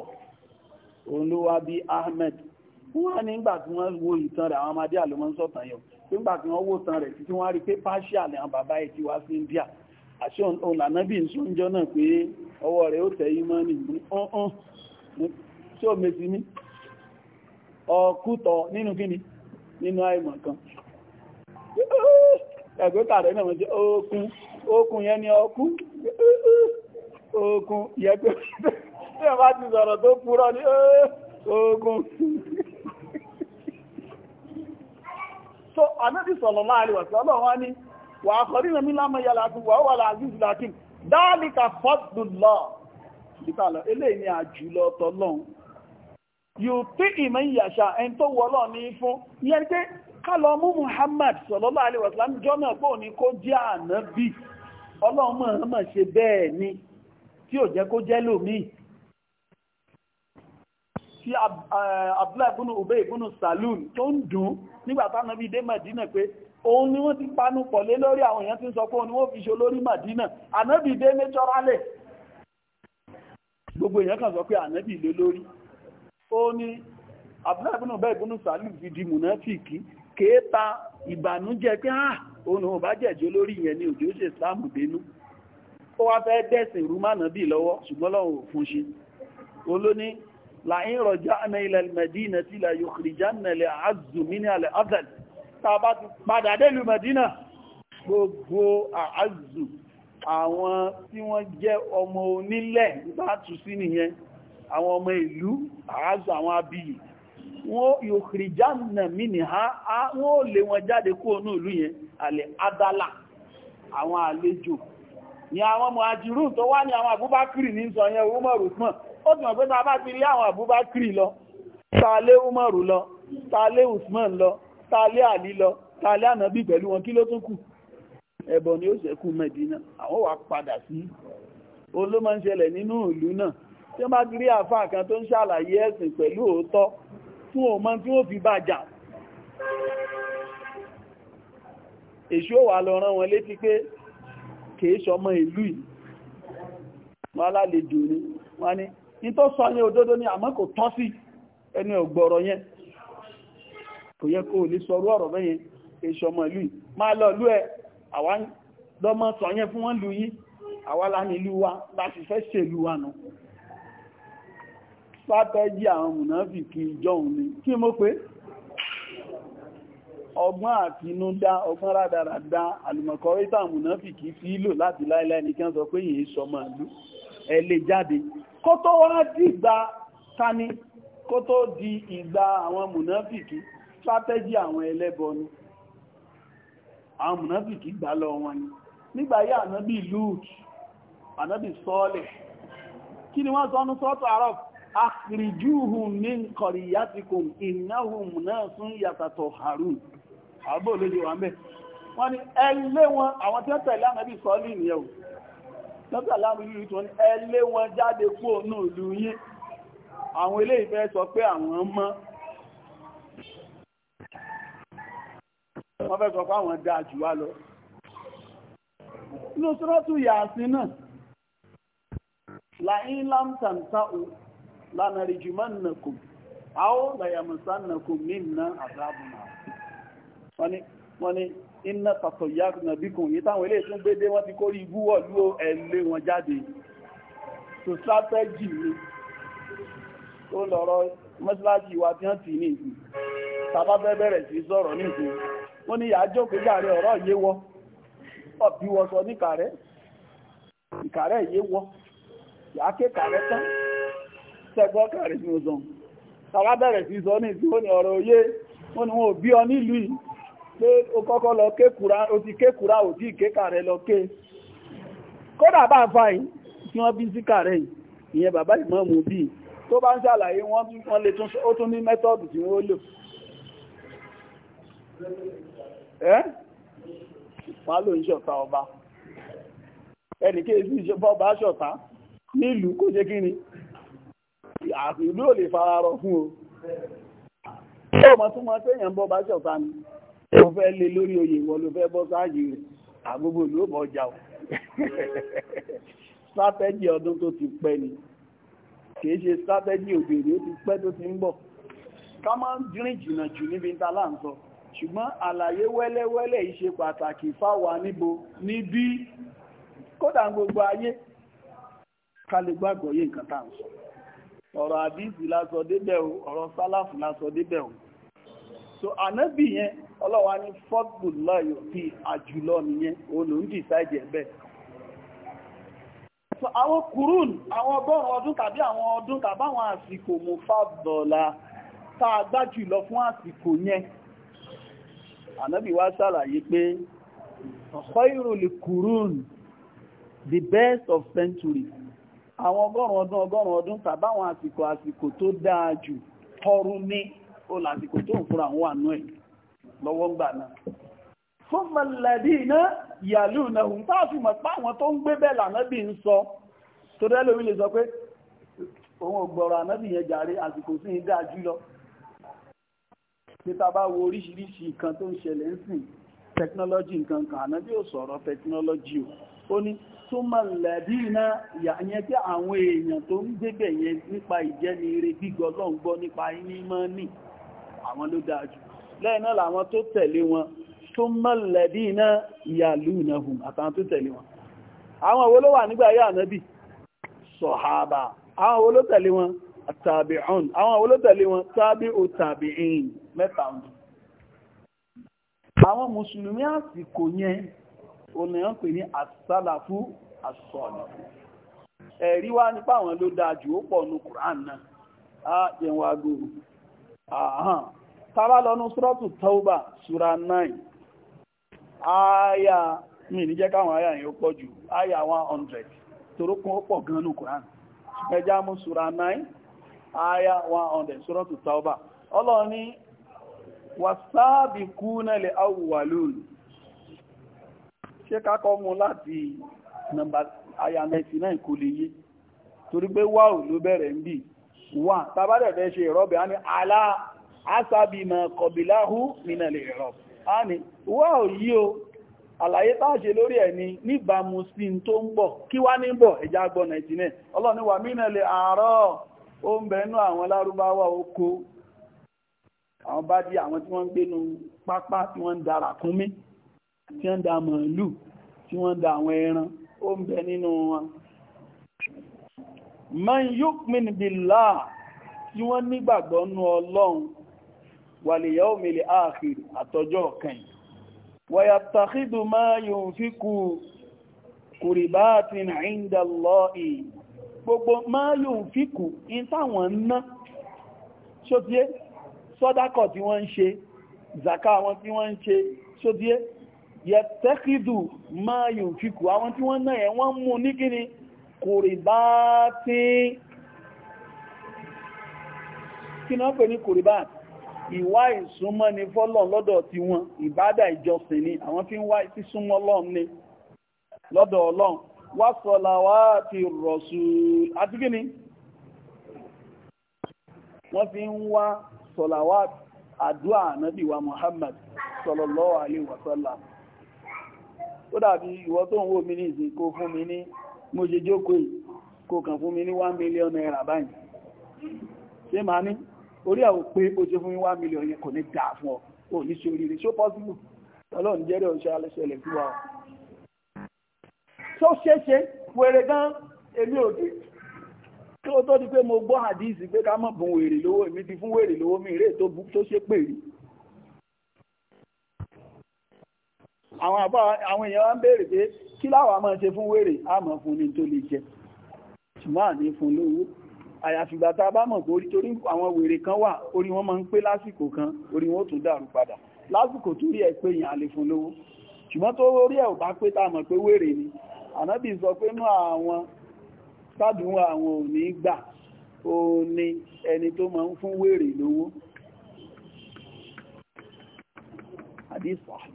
olówá Ahmed wọ́n á nígbà tí wọ́n wo ìtàn rẹ̀ àwọn ọmọdé àlọ́mọ́ ń sọ̀tàn yọ nígbà tí wọ́n wó tàn rẹ̀ títí wọ́n rí pé pàṣẹ àlẹ́ àwọn bàbá ẹ̀ ti wá sí india àṣẹ òun lànà ń sún jọ náà pé ọwọ́ rẹ̀ ó tẹ̀ mọ́ nìyí ọ̀hún ṣó mẹ́sí ní ọkútọ̀ nínú kíni nínú àìmọ̀ kan ẹgbẹ́ta rẹ̀ náà jẹ́ okun okun yẹn ni ọkún okun yẹ pé tí wọ́n bá ti sọ̀rọ̀ tó púrọ́ ní okun so anábì sọ̀rọ̀ láàrin wọ̀sán ọlọ́wọ́ ní wà àkọrí rẹ̀ mí lámọ́ yàrá àti wà ó wà láàrin ìlàkí dáálìkà ni àjùlọ tọ́lọ́run yóò tí ìmọ̀ ìyàṣà ẹn tó wọ́lọ́ ní fún yẹn pé kálọ mú Muhammad sallallahu alaihi wasallam jọ́nà pò ní kó jẹ́ ànábì ọlọ́run mọ̀ọ́mọ̀ ṣe bẹ́ẹ̀ ni tí ò jẹ́ kó jẹ́ lómi tí eh, abdullahi ibn ubay ibn salul tó ń dùn nígbà tánábì dé Madina pé òun ni wọ́n ti panu pọ̀ lé lórí àwọn èèyàn ti ń sọ pé òun ni wọ́n fi ṣe olórí Madina ànábì dé méjọ́rálẹ̀ gbogbo èèyàn kan sọ pé ànábì lé lórí ó ní abdullahi ibn Ubay ibn Salul fi di mùnáfìkì kéèta ìbànújẹ́ pé ah òun ò bá jẹ̀jọ́ lórí ìyẹn ni òjò ṣe ìsìláàmù dénú ó wá fẹ́ dẹ̀sìn rúmánà bí lọ́wọ́ ṣùgbọ́n lọ́wọ́ fún ṣe olóní láyín rọjá àmì a bá ti padà délù mẹ̀dínà gbogbo àázù àwọn tí wọ́n jẹ́ ọmọ onílẹ̀ bá tù sí nìyẹn àwọn ọmọ ìlú àázọ àwọn abiyì wọ́n yòkìrìjá nà mí ní ha wọ́n lè wọn jáde kó onú ìlú yẹn àlẹ́ adala àwọn àlejò ni àwọn ọmọ àjírù tó wá ní àwọn àbúbákìrì ní sọ yẹn umaru pọ̀n ó ti mọ̀ pé ta bá ti rí àwọn àbúbákìrì lọ tààlé umaru lọ tààlé usman lọ tààlé àlí lọ tààlé ànábì pẹ̀lú wọn kí ni ó ṣẹ́kù mẹ́dínà àwọn wà padà sí olómọ́ńṣẹlẹ̀ nínú ìlú náà tí ó bá gírí àfáà kan tó ń ṣàlàyé ẹ̀sìn pẹ̀lú òótọ́ fún ọmọ tí ó fi bàjà èṣù wà lọ rán wọn létí pé kìí ṣọmọ ìlú yìí wọ́n alálejò ní wọ́n ní ní tó sọ yẹn òdodo ní àmọ́ kò tọ́ sí ẹni ọ̀gbọ̀rọ̀ yẹn kò yẹ kó ní sọrú ọ̀rọ̀ bẹ́yẹn kìí ṣọmọ ìlú yìí máa lọ lú ẹ àwa lọ́mọ sọ yẹn fún wọn lù yìí àwa lá ìlú wa láti fẹ́ ṣèlú wa nù sátẹ́jì àwọn mùnáfìkì ìjọun ni kí mo pé ọgbọ́n àtinúdá ọgbọ́n rádaràdá alùmọ̀kọ́rítà mùnáfìkì fi ìlò láti láìláì ní kí wọ́n sọ pé yìí sọmọ̀ ìlú ẹ lè jáde kó tó wá dìgbà tani kó tó di ìgbà àwọn mùnáfìkì sátẹ́jì àwọn ẹlẹ́bọ ni àwọn mùnáfìkì gbà lọ wọn ni nígbà yá ànábì lúùtù ànábì sọ́ọ̀lẹ̀ kí ni wọ́n sọ ní sọ́ọ̀tọ̀ àrọ́pù àkìrìjúhùn min kọ̀rìyàtìkùn ìnáhùn náà tún yàtàtọ̀ harun àbò olóde wà mẹ́ wọ́n ni ẹlé wọn àwọn tí ó tẹ̀lé àmẹ́bí sọ́ọ́lì nìyẹn o tọ́tàlá mi rí tí wọ́n ní ẹlé wọn jáde kú ònà ìlú yín àwọn ilé láyín lámtàntà lánàríjìmánàkùn àwọn làyàmùsánàkùn nínà àdábùnà wọ́n ni iná tàtọ̀ ìyá nàbíkùn yí táwọn ilé ìtún gbédé wọ́n ti kó rí ibú wọ̀ lú ẹ̀lẹ́ wọn jáde tó strategy ni tó lọ́rọ̀ mọ́síláàjì wa tí wọ́n ti ní ìsìn tàbá fẹ́ bẹ̀rẹ̀ sí sọ̀rọ̀ ní ìsìn wọ́n ni ìyájọ́ péjà rẹ̀ ọ̀rọ̀ yé wọ́ ọ̀bí wọ sọ níkàrẹ́ ìkàrẹ́ yé wọ́ ìyá kékàrẹ́ tán sẹ́gbọ́ kẹrì sí ọzọ tàbá bẹ̀rẹ̀ sí sọ ní ìsìn òní ọ̀rọ̀ òye wọn ni wọn ò bí ọ nílùú yìí pé o kọ́kọ́ lọ kékùrá o ti kékùrá ò tí ìkékà rẹ lọ ké kódà bá fa yìí tí wọ́n bí síkà rẹ yìí ìyẹn bàbá ìmọ̀ọ́mù bí tó bá ń ṣàlàyé wọ́n lè tún ó tún ní mẹ́tọ́ọ̀dù tí wọ́n lò ẹ́ wà ló ń ṣọ̀tá ọba ẹnì kéèsì ìṣọ́bọ̀ bá ṣọ̀tá nílùú kó ṣe kí ni àti ìlú ò lè fara fún o ó mọ̀ tún mọ́ séèyàn bọ́ bá ṣọ̀tá ni ó fẹ́ lé lórí oyè ló fẹ́ bọ́ rẹ̀ àgbogbo ìlú ò ọjà o [LAUGHS] strategy ọdún tó ti pẹ́ ni ṣe òbèrè ó ti pẹ́ tó ti ń bọ̀ ká dín jìnnà jù níbi ń ṣùgbọ́n àlàyé wẹ́lẹ́wẹ́lẹ́ yìí ṣe pàtàkì fáwa níbo níbí kódà gbogbo ayé ká lè gbàgbọ́ yé nǹkan tá à sọ. ọ̀rọ̀ àdíìsì lásọ débẹ̀ o ọ̀rọ̀ sálàfù lásọ débẹ̀ o so ànábì yẹn ọlọ́wà ní fọ́gbùlọ́ yóò fi àjùlọ nìyẹn olùn dìsáìjẹ̀ bẹ́ẹ̀ so àwọn kùrún àwọn ọgọ́rùn ọdún tàbí àwọn ọdún tàbí àwọn àsìkò mú fàbọ̀lá tá a gbá jùlọ fún àsìkò yẹn ànábì wá ṣàlàyé pé ọ̀kọ́ ìròlì kùrún the best of centuries àwọn ọgọ́rùn ọdún ọgọ́rùn ọdún tàbáwọn àsìkò àsìkò tó dáa jù ọrún ní ó lásìkò tó ń fúnra wọn àánú ẹ̀ lọ́wọ́ ńgbà náà fún mọ̀lẹ́dí iná ìyàlú ìnáhùn táàfin mọ̀ páwọn tó ń gbé bẹ́ẹ̀ lànàbì ń sọ tó dẹ́ lórí lè sọ pé súnmọ̀ lẹ̀bí iná ìyàyẹn tí àwọn èèyàn tó ń gbébẹ̀ yẹn nípa ìjẹni eré gbígbọ́ ń gbọ́ nípa iní mọ́ ní àwọn ló dájú lẹ́yìn làwọn tó tẹ̀lé wọn súnmọ̀ lẹ̀bí iná ìyàlú ìnahùn àtàwọn tẹ̀lé tẹ̀lé wọn oníyàn pè ní asálàfú asọ̀lù ẹ̀rí wá nípa àwọn ló dáa jù ó pọ̀ nu Quran náà á jẹun agbóhùn àhàn tábà lọ́nu sọ́ọ̀tù tọ́ọ̀bà sura 9 àyà mi ní jẹ́ káwọn àyà yẹn ó pọ̀ jù àyà 100 torókun ó pọ̀ gan nu Quran ẹjá mú sura 9 àyà 100 sọ́ọ̀tù tọ́ọ̀bà ọlọ́ni wàsáàbì kú lè awùwà lónìí ṣé kákọ́ mú láti nọmbà àyà 99 kò lè yé torí pé wà ò ló bẹ̀rẹ̀ ń bì wà tàbádẹ̀ fẹ́ ṣe ìrọ́bẹ̀ á ní alá asábìmọ̀ kọ̀bìláhù nínàlẹ̀ ìrọ́bẹ̀ á ní wà ò yí o àlàyé táàṣe lórí ẹ̀ ni níbàmú sí tó ń bọ̀ kí wá ní bọ̀ ẹja gbọ́ 99 ọlọ́ni mínàlẹ̀ àárọ̀ ó ń bẹ̀ẹ́nú àwọn lárúbáwá oko àwọn bá di àwọn tí wọ́n ń gbénu pápá tí wọ́n ń darapọ̀ tí wọ́n ń da màálù tí wọ́n ń da àwọn ẹran ó ń bẹ nínú wọn man yukmin billah tí wọ́n nígbàgbọ́ nú ọlọ́run wal yawmil akhir àtọjọ́ kan wayattakhidhu ma yunfiku kùrìbáàtìn inda Allahi gbogbo ma yunfiku in táwọn ná ṣótíé sọ́dákọ̀ tí wọ́n yẹ̀tẹ́kìdù máa yìí òfikù àwọn tí wọ́n náà wọ́n mú ní kíni kò rí bá tí kí náà pè ní kò rí bá ìwá ìsúnmọ́ ni fọ́lọ̀n lọ́dọ̀ tí wọ́n ìbádà ìjọsìn ni àwọn tí ń wá sí súnmọ́ lọ́n ni lọ́dọ̀ ọlọ́n wá sọ́lá wá ti rọ̀sù àti kíni wọ́n fi ń wá sọ́lá wá àdúà ànábì wa Muhammad sallallahu alaihi wasallam ó dàbí ìwọ tó ń wò mí ní ìsìn kó fún mi ní mo ṣe jókòó kó kàn fún mi ní 1 million naira báyìí ṣe máa ní orí àwọn pé ó ṣe fún mi 1 million yẹn kò ní dáa fún ọ ò ní ṣe oríire ṣó pọ́sílù ọlọ́run jẹ́rẹ̀ ọ̀ṣẹ́ alẹ́ṣẹ́lẹ̀ fún wa tó ṣeéṣe wèrè gan èmi ò dé kí ó tó di pé mo gbọ́ àdíìsì pé ká mọ̀ bùn wèrè lówó èmi ti fún wèrè lówó mi ìrè tó ṣe pèrè àwọn àbá àwọn èèyàn wọ́n béèrè pé kí láwàá máa ṣe fún wèrè a máa fún ní tó lè jẹ ṣùgbọ́n àní fún lówó àyàfìgbà tá a bá mọ̀ pé orí torí àwọn wèrè kan wà orí wọn máa ń pé lásìkò kan orí wọn ó tún dàrú padà lásìkò tó rí ẹ pé èèyàn lè fún lówó ṣùgbọ́n tó rí ẹ̀ ò bá pé tá a mọ̀ pé wèrè ni ànábì sọ pé nú àwọn sádùnwó àwọn ò gbà ó ẹni tó máa ń fún wèrè lówó hadith sahih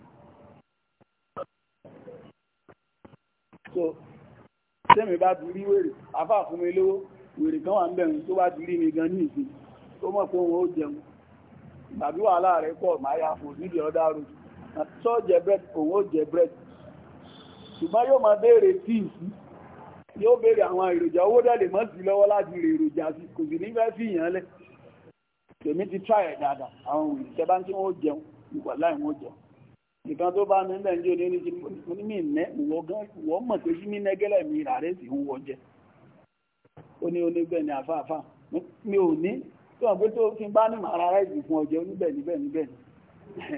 so sẹ́mi bá ti rí wèrè afá fún mi lówó wèrè kan wà ń bẹ̀rù tó bá ti rí mi gan ní ìsìn tó mọ̀ pé òun ó jẹun tàbí wàhálà rẹ̀ pọ̀ máa yà fò níbi ọ̀dà rò tó jẹ bread òun ó jẹ bread ṣùgbọ́n yóò máa béèrè tíì sí yóò béèrè àwọn èròjà owó dẹ̀ lè mọ́ sí lọ́wọ́ láti rè èròjà sí kò sì ní fẹ́ fi yàn lẹ̀ tèmi ti try ẹ̀ dáadáa àwọn òyìnbó tẹ bá ń tí wọ́n jẹun ìwà láì wọ́n jẹun nìkan tó bá ní nàìjíríà ní oníṣẹ́ onímì nẹ́ wọ́n mọ̀ pé sí ní nẹ́gẹ́lẹ̀ mi rà rẹ̀ sì ń wọ jẹ́ ó ní oníbẹ̀ ní àfáàfá mi ò ní tí wọ́n pé tó fi bá ní màá rárá ìsìn fún ọjẹ́ oníbẹ̀ níbẹ̀ níbẹ̀ [LAUGHS]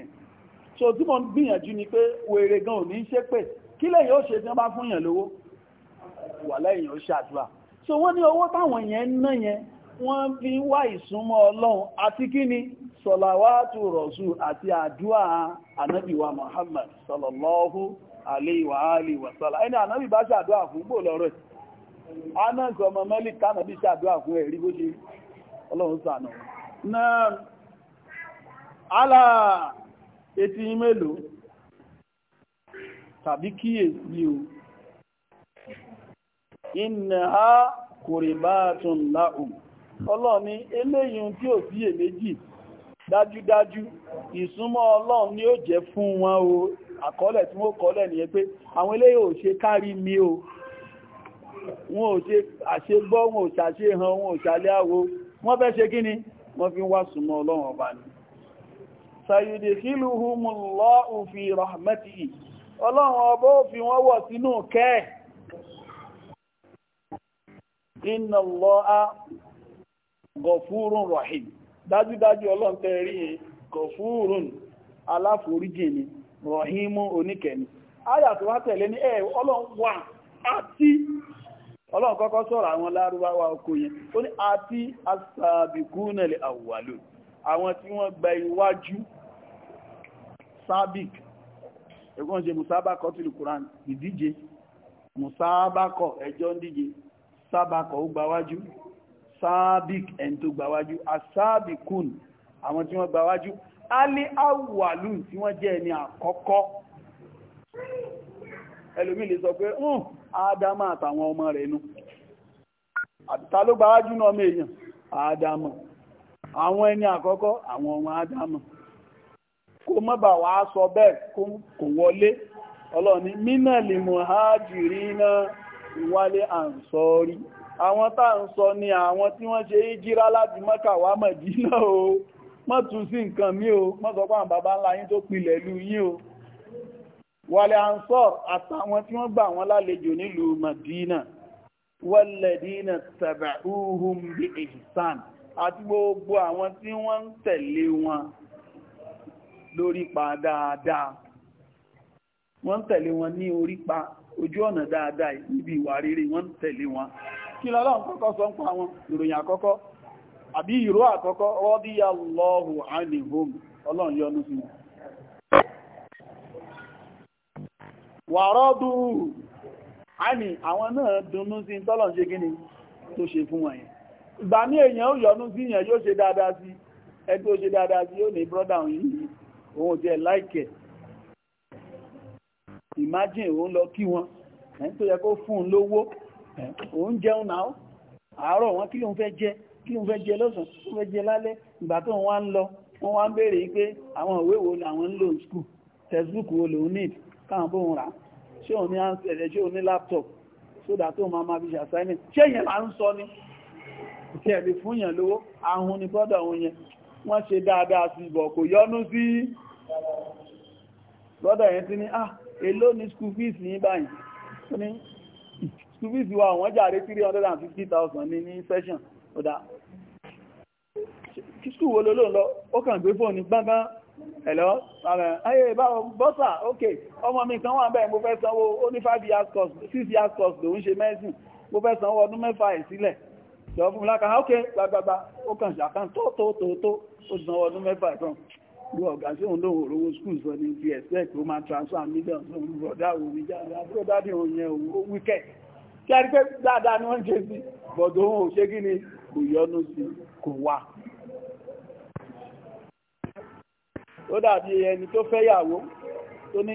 so tí mo gbìyànjú ni pé wèrè gan ò ní ṣe pé kí lẹ́yìn ó ṣe tí wọ́n bá fún yàn lówó wà lẹ́yìn ó ṣàdúrà so wọ́n ní owó táwọn yẹn ń ná yẹn wọ́n fi wá ìsúnmọ́ ọlọ́run àti kí ni sọ̀làwátù rọ̀sù àti àdúà ànábìwà Muhammad sallallahu alayhi wa alihi wa sallam ẹni ànábì bá ṣàdúà fún gbò lọ́rọ̀ anáàkì ọmọ mẹ́lìk tánàbí ṣàdúà fún ẹ̀rí bó ṣe ọlọ́run sànà na. Ala etí tàbí kíyèsí o ọlọ́ni eléyìn tí ò dájúdájú ìsúnmọ́ ọlọ́run ni ó jẹ́ fún wọn o àkọọ́lẹ̀ tí wọ́n kọọ́lẹ̀ nìyẹn pé àwọn eléyìí ò ṣe kárí mi o wọn ò ṣe àṣegbọ́ wọn ò ṣàṣe hàn wọn ò ṣàlẹ́ àwo wọ́n fẹ́ ṣe kíni wọ́n fi wá súnmọ́ ọlọ́run ọba ni sayidikhiluhumullahu fi rahmatihi ọlọ́run ọba ó fi dájúdájú ọlọ́run tẹ́ rí yẹn kọ̀fúrún aláforíjì ni rọ̀hímú oníkẹni ayà tó wá tẹ̀lé ní ẹ̀ ọlọ́run wà àti ọlọ́run kọ́kọ́ sọ̀rọ̀ àwọn lárúbáwá oko yẹn ó ní àti asàbìkúnẹ̀lẹ̀ gba iwájú sábìk ṣe tìlù ìdíje ẹjọ́ ń díje ó sábìk ẹni tó gbàwájú asábìkún àwọn tí wọ́n gbàwájú alẹ́ awàlùn tí wọ́n jẹ́ ẹni àkọ́kọ́ ẹlòmí lè sọ pé ń ádámà àtàwọn ọmọ rẹ̀ nú àtà ló gbàwájú náà mẹ́yàn ádámà àwọn ẹni àkọ́kọ́ àwọn ọmọ ádámà kó má bà wá sọ bẹ́ẹ̀ kó wọlé ọlọ́ni mínà lè mọ̀ hájìrí náà ìwálé àwọn tá ń sọ ni àwọn tí wọ́n ṣe jíra láti Mẹ́kà wá Mẹ̀dínà o má tú sí nǹkan mí o má sọ pé àwọn bàbá ńlá yín tó pilẹ̀ ìlú yín o wàlẹ̀ ansọ́r àtàwọn tí wọ́n gbà wọ́n lálejò nílùú Mẹ̀dínà wọ́lẹ̀dínà tàbàúhùn bí ihsan àti gbogbo àwọn tí wọ́n ń tẹ̀lé wọn lórípa dáadáa wọ́n ń tẹ̀lé wọn ní orípa ojú ọ̀nà dáadáa níbi ìwà rere wọ́n ń tẹ̀lé wọn kí lọ́lọ́run kọ́kọ́ sọ ń pa wọn ìròyìn àkọ́kọ́ àbí ìró àkọ́kọ́ radiyallahu anhum ọlọ́run yọ́nú sí wọn wà rọ́dù àní àwọn náà dunnú sí tọ́lọ̀ ṣe gíní tó ṣe fún wọn ìgbà ní èèyàn ó sí yóò ṣe dáadáa sí ẹgbẹ́ ó ṣe dáadáa sí ní brọ́dà òun láìkẹ̀ wọn ẹni tó yẹ kó fún òun jẹun náà àárọ̀ wọn kí lóun fẹ́ jẹ kí lóun fẹ́ jẹ lọ́sàn tó fẹ́ jẹ lálẹ́ ìgbà tó wọ́n ń lọ wọ́n wá ń béèrè pé àwọn ìwé wo ni àwọn ń lò skul textbook wo lòun ní káwọn bóun rà ṣé òun ní ẹ̀rẹ̀ ṣé òun ní laptop sódà tó máa máa fi ṣe assignment ṣé yẹn máa ń sọ ni kẹ̀lì fún yẹn lówó ahun ni bọ́dọ̀ òun yẹn wọ́n ṣe dáadáa sí ibọ̀ kò yọnu sí bọ́dọ̀ yẹn ti ní ah èló ni skul fees yín báyìí ṣúfíìsì wa wọ́n jàre 350,000 ní ní session ọ̀dá ṣíṣkú wo lóló lọ ó kàn gbé fóònù gbángán ẹ̀lọ́ ayé ìbáwọ̀ bọ́sà ok ọmọ mi kan wà bẹ́ẹ̀ mo fẹ́ sanwó ó ní 5 years course 6 years course lòun ṣe medicine mo fẹ́ sanwó ọdún mẹ́fà ẹ̀ sílẹ̀ jọ fún láka ok gbagbagba ó kàn ṣàkán tó tó tó tó ó sanwó ọdún mẹ́fà ẹ̀ tán gbọ́ ọ̀gá sí òun lóhun òrówó skúl sọ ní psx ó máa transfer millions lóhun bọ̀dá òun ìjà àbúrò dádì òun yẹn òun ó wíkẹ̀ẹ́ kẹ́rí pé dáadáa ni wọ́n ń sí bọ̀dọ̀ kí ni kò yọnu sí kò wà ó dàbí ẹni tó fẹ́ yàwó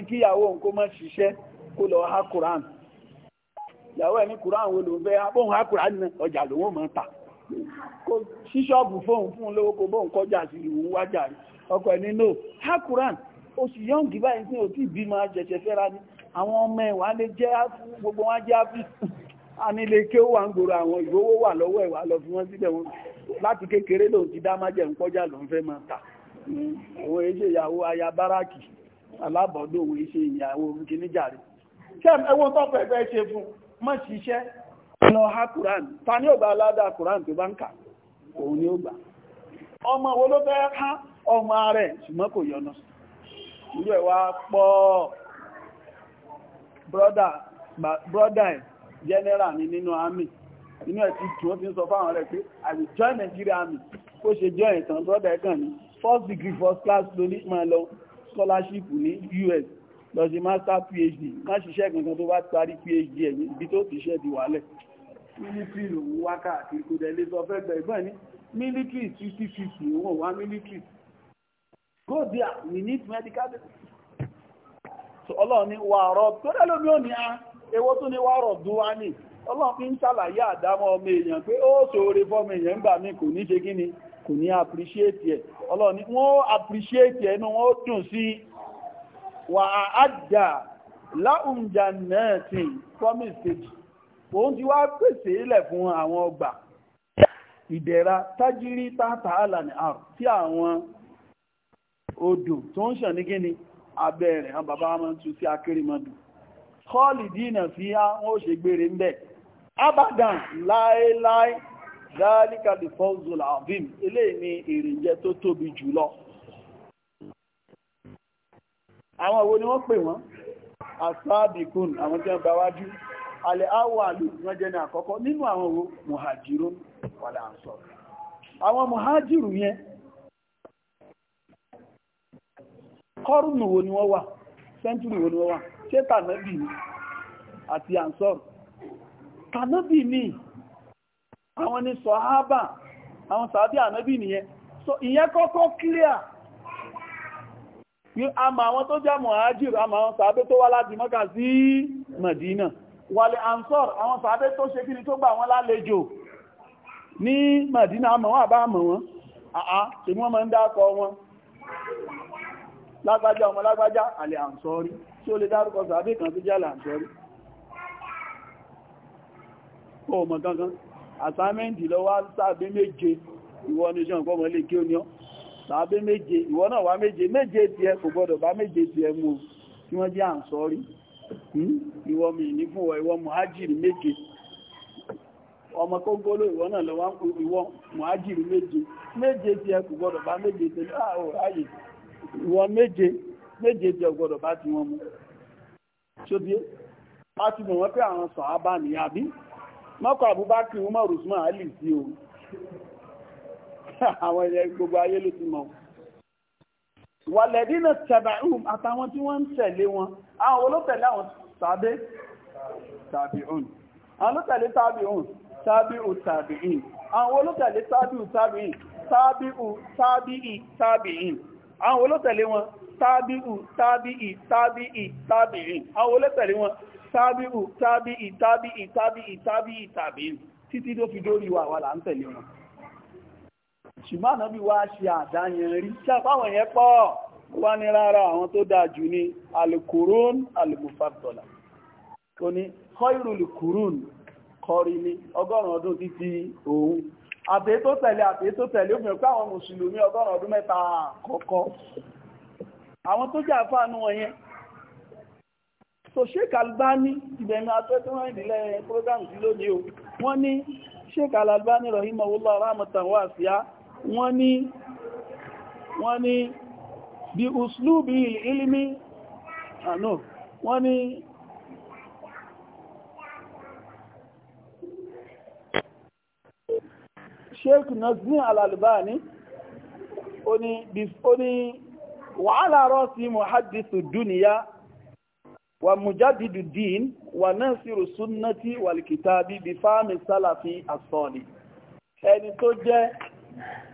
kí yàwó òun kó má ṣiṣẹ́ kó lọ ha Quran yàwó ẹni Quran wo ló ń fẹ́ ha Quran ní ọjà lòun mọ̀ ta kó ṣíṣọ́ọ̀bù fóun fún lówó kó kọjá sí wájà ọkọ̀ ẹni no ha Quran oṣù yọ̀ǹgì àwọn ọmọ ẹ̀wà lè jẹ́ gbogbo wọn jẹ́ áfíìsì [LAUGHS] anílé kí ó wà ń àwọn ìgbówó wà lọ́wọ́ ẹ̀wà lọ fún wọn síbẹ̀ wọn láti kékeré lòun ti dá májẹ̀ ń fẹ́ máa tà ìyàwó aya alábọ̀dọ̀ òun ìyàwó kìíníjàre lọ ní ọmọ wo ló brọ́dà ẹ̀ general ni nínú army inú ẹ̀ ti tún ó ti ń sọ fáwọn rẹ̀ pé i will join Nigeria army ó ṣe join ìtàn brọ́dà ẹ̀ kàn ní first degree first class lórí máa lọ scholarship ní US lọ sí master PhD má ṣiṣẹ́ kankan tó bá parí PhD ẹ̀ ibi tó ti ṣẹ́ ti wálẹ̀ military lòun wá káàkiri kò dẹ̀ lè sọ fẹ́ gbẹ̀ ìgbọ́n ní military fifty fifty wọn wá military go there we need medical ọlọ́run wà rọ̀ tó rẹ̀ lómi òní á ewó tún ní wà rọ̀ dúwá ní ọlọ́run fi ń ṣàlàyé àdámọ́ ọmọ èèyàn pé ó ṣòro fọ́mọ èèyàn ń gbà mí kò ní ṣe kí ni kò ní appreciate ẹ̀ ọlọ́run wọ́n appreciate ẹ̀ ní wọ́n dùn sí wà á dà láùnjà náà steeti. ilẹ̀ fún àwọn ọgbà odò tó ń ṣàn ní abẹ́ ha àwọn bàbá wọn tún sí akérèmọdù khalidina fiha wọn àwọn ṣe ń bẹ̀ abadan láéláé dáálíkà lè fọ́ọ̀zọ̀lá àbím eléyìí ni tó tóbi jùlọ àwọn wo ni wọ́n pè wọ́n asábìkún àwọn tí wọ́n bá wájú àwọ̀ àlù wọ́n jẹ́ ní àkọ́kọ́ àwọn wo muhajirun wàlà àwọn yẹn kọ́rùnù wo ni wọ́n wà sẹ́ńtúrì wo ni wọ́n wà ṣé tànábì ní àti ta tànábì ní àwọn ni sọ̀hábà àwọn sàábì ànábì nìyẹn so ìyẹn kọ́kọ́ clear a mọ̀ àwọn tó jẹ́ mọ̀hájìr a mọ̀ àwọn sàábé tó wá láti Mọ́kà sí Mẹ̀dínà wàlẹ̀ ansọ́r àwọn sàábé tó ṣe kí ni tó gbà wọ́n lálejò ní Mẹ̀dínà a mọ̀ wọ́n àbá mọ̀ wọ́n àá ṣe wọ́n máa ń wọn lágbájá ọmọ lágbájá àlẹ́ àǹsọ́rí tí ó lè dárúkọ sàbí kan tó jẹ́ àǹsọ́rí ó mọ̀ gangan àsámẹ́ǹtì lọ wá sàbí méje ìwọ ní ṣe ọ̀pọ̀ mọ́lé kí ó ní ọ́ sàbí méje ìwọ náà wá méje méje ti ẹ kò gbọdọ̀ bá méje ti ẹ mú tí wọ́n jẹ́ àǹsọ́rí hmm? ìwọ mi ní fún ìwọ muhajiri méje ọmọ kóngóló ìwọ náà ìwọ méje méje jẹ ọgbọ́dọ̀ bá ti wọn mú ṣóbi bá ti mọ̀ wọ́n pé àwọn sọ àbá ní àbí mọ́kọ̀ àbúbákì wọ́n mọ̀rù súnmọ́ àálì sí o [LAUGHS] àwọn ilẹ̀ gbogbo ayé ló ti mọ̀ wàlẹ̀dínà tẹ̀bàrún àtàwọn tí wọ́n ń tẹ̀lé wọn àwọn olótẹ̀lé àwọn tàbí tàbíùn àwọn olótẹ̀lé tàbíùn tàbíù tàbíìn àwọn olótẹ̀lé tàbíù tàbíìn tàbíù tàbíì tàbíìn àwọn olótẹ̀lé wọn tábíù tábíì tábíì tábìí àwọn olótẹ̀lé wọn tábíù tábíì tábíì tábíì tábíì tábìí títí tó fi dórí wa wà là ń tẹ̀lé wọn ṣùgbọ́n ànábì wá ṣe àdáyẹnrí tí àpáwọn yẹn pọ̀ wá ní rárá àwọn tó dáa jù ní alukurun alimufatola ó ní kọ́ ìrùlùkurun kọrin ní ọgọ́rùn-ún ọdún títí òun àtẹ́ tó tẹ̀lé àtẹ́ tó tẹ̀lé ó fi hàn pé àwọn mùsùlùmí ọgọ́rùn ọdún mẹ́ta àkọ́kọ́ àwọn tó jẹ́ àfáànú wọn yẹn so Sheikh Albani ìbẹ̀mí atẹ́tẹ́wọ́n ìdílé program sí lónìí Sheikh Albani rahimahullah rahmatan wasi'a wọ́n ní wọ́n ní bí uslubi ilmi àná ah, sheik nazim al oni ó ní wàhálà rọ́sí muhaddisu duniya wa mujaddidu din wa nasiru sunnati wal kitabi bi fahmi salafi as-salih ẹni tó jẹ́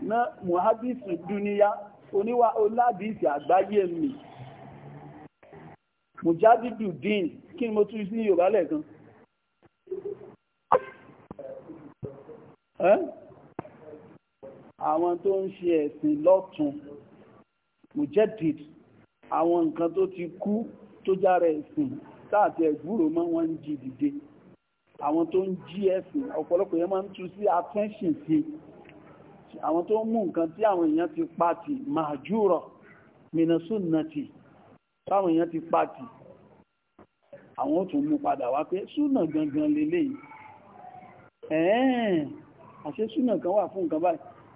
na muhaddisu duniya oníwà oládìsì àgbáyé mi mujaddidu din kí ni mo tún sí Yorùbá lẹ́ẹ̀kan àwọn tó ń ṣe ẹ̀sìn lọ́tún mujaddid àwọn nǹkan tó ti kú tó jára ẹ̀sìn táàtì ẹ̀gbúrò mọ́ wọ́n ń jí dìde àwọn tó ń jí ẹ̀sìn ọ̀pọ̀lọpọ̀ yẹn máa ń tú sí attention sí àwọn tó ń mú nǹkan tí àwọn èèyàn ti pàtì màjúrọ̀ minasunnati táwọn èèyàn ti pàtì àwọn ó tún mú padà wá pé súnà gangan lélẹ́yìn ẹ̀ẹ́n àṣẹ súnà kan wà fún nǹkan báyìí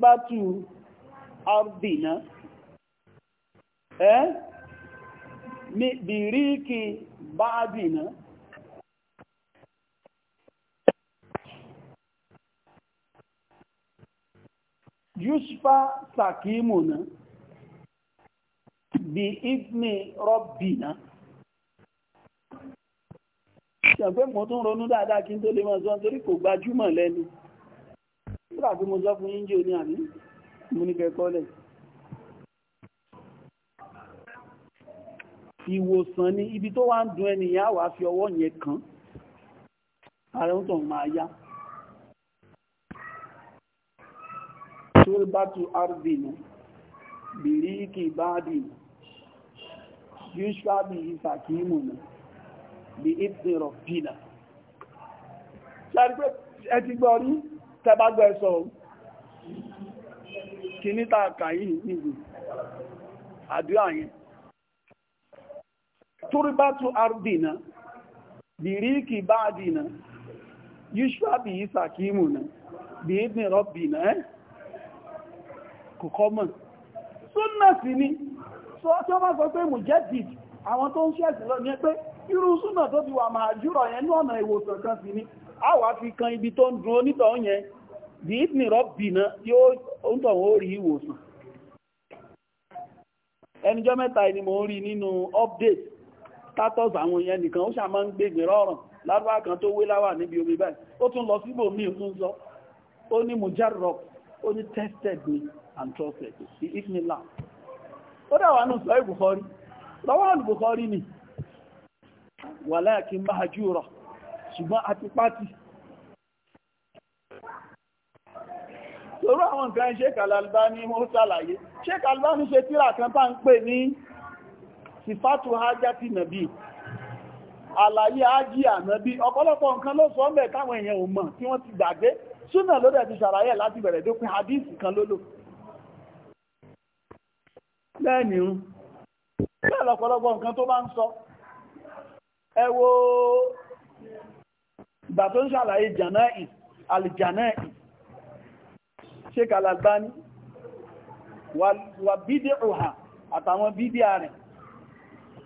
batu ardina ẹ́ bìríkì báàdìna yúṣfà sàkímùnà bí ìdní rọ́bìnà ṣàpẹ́ mọ́ tún ronú dáadáa kí n tó lè mọ́ sọ́n torí kò gbajúmọ̀ lẹ́nu nígbà tí mo sọ fún yín jò ní àní mo ní kẹkọ́lẹ̀ ìwòsàn ni ibi tó wá ń dùn ẹnìyàn àwà fi ọwọ́ yẹn kàn ààrẹ ń tàn máa yá tó bá tu arbinu bìríkì bádìí yúṣùwábì ìfàkímù náà bí ìtìrọ̀ pìlà tẹ́bágbọ́ ẹ̀sọ́ kì ní tààkà yìí nìgbì àdúrà yẹn túrúbátú ardina bìríkì báadìna yíṣúà bí i sàkímù na bí i ní rọ́bìna ẹ́ eh? kò kọ́mọ̀ súnnà sí ni sọ tí wọ́n bá sọ pé mùjẹ́dìd àwọn tó ń ṣẹ̀sì lọ ní pé irú súnnà tó ti wà máa jùrọ̀ yẹn ní ọ̀nà ìwòsàn kan sí ni a wá fi kan ibi tó ń dùn onítọ̀ yẹn di ìtìní rọ́bì na yóò ń tọ̀ ó rí ìwòsàn ẹnijọ́ mẹ́ta ni mo update status àwọn yẹn nìkan ó ṣàmọ́ ń gbègbè rọrùn lárúbá kan tó wé láwà níbi omi báyìí ó tún lọ síbò mí ó tún o ó ní mujarrab ó ní tested me and trusted the ifnila ó dáwà nù sọ ìbùkọ́rí lọ́wọ́ sọ̀rọ̀ àwọn nǹkan Sheikh Al-Albani wọ́n ṣàlàyé Sheikh Al-Albani ṣe tírà kan tá ń pè ní sifatu hajjati nàbí àlàyé ájí ànábí ọ̀pọ̀lọpọ̀ nǹkan ló sọ mẹ́ táwọn èèyàn ò mọ̀ tí wọ́n ti gbàgbé súnà ló dẹ̀ ti ṣàlàyé láti bẹ̀rẹ̀ dópin hadith kan lólò lẹ́yìn bẹ́ẹ̀ lọ́pọ̀lọpọ̀ nǹkan tó bá ń sọ ẹ wo ìgbà tó ń ṣàlàyé jànáì àlìjànáì Sheikh Al-Albani wà bídí ọ̀hà àtàwọn bídí ààrẹ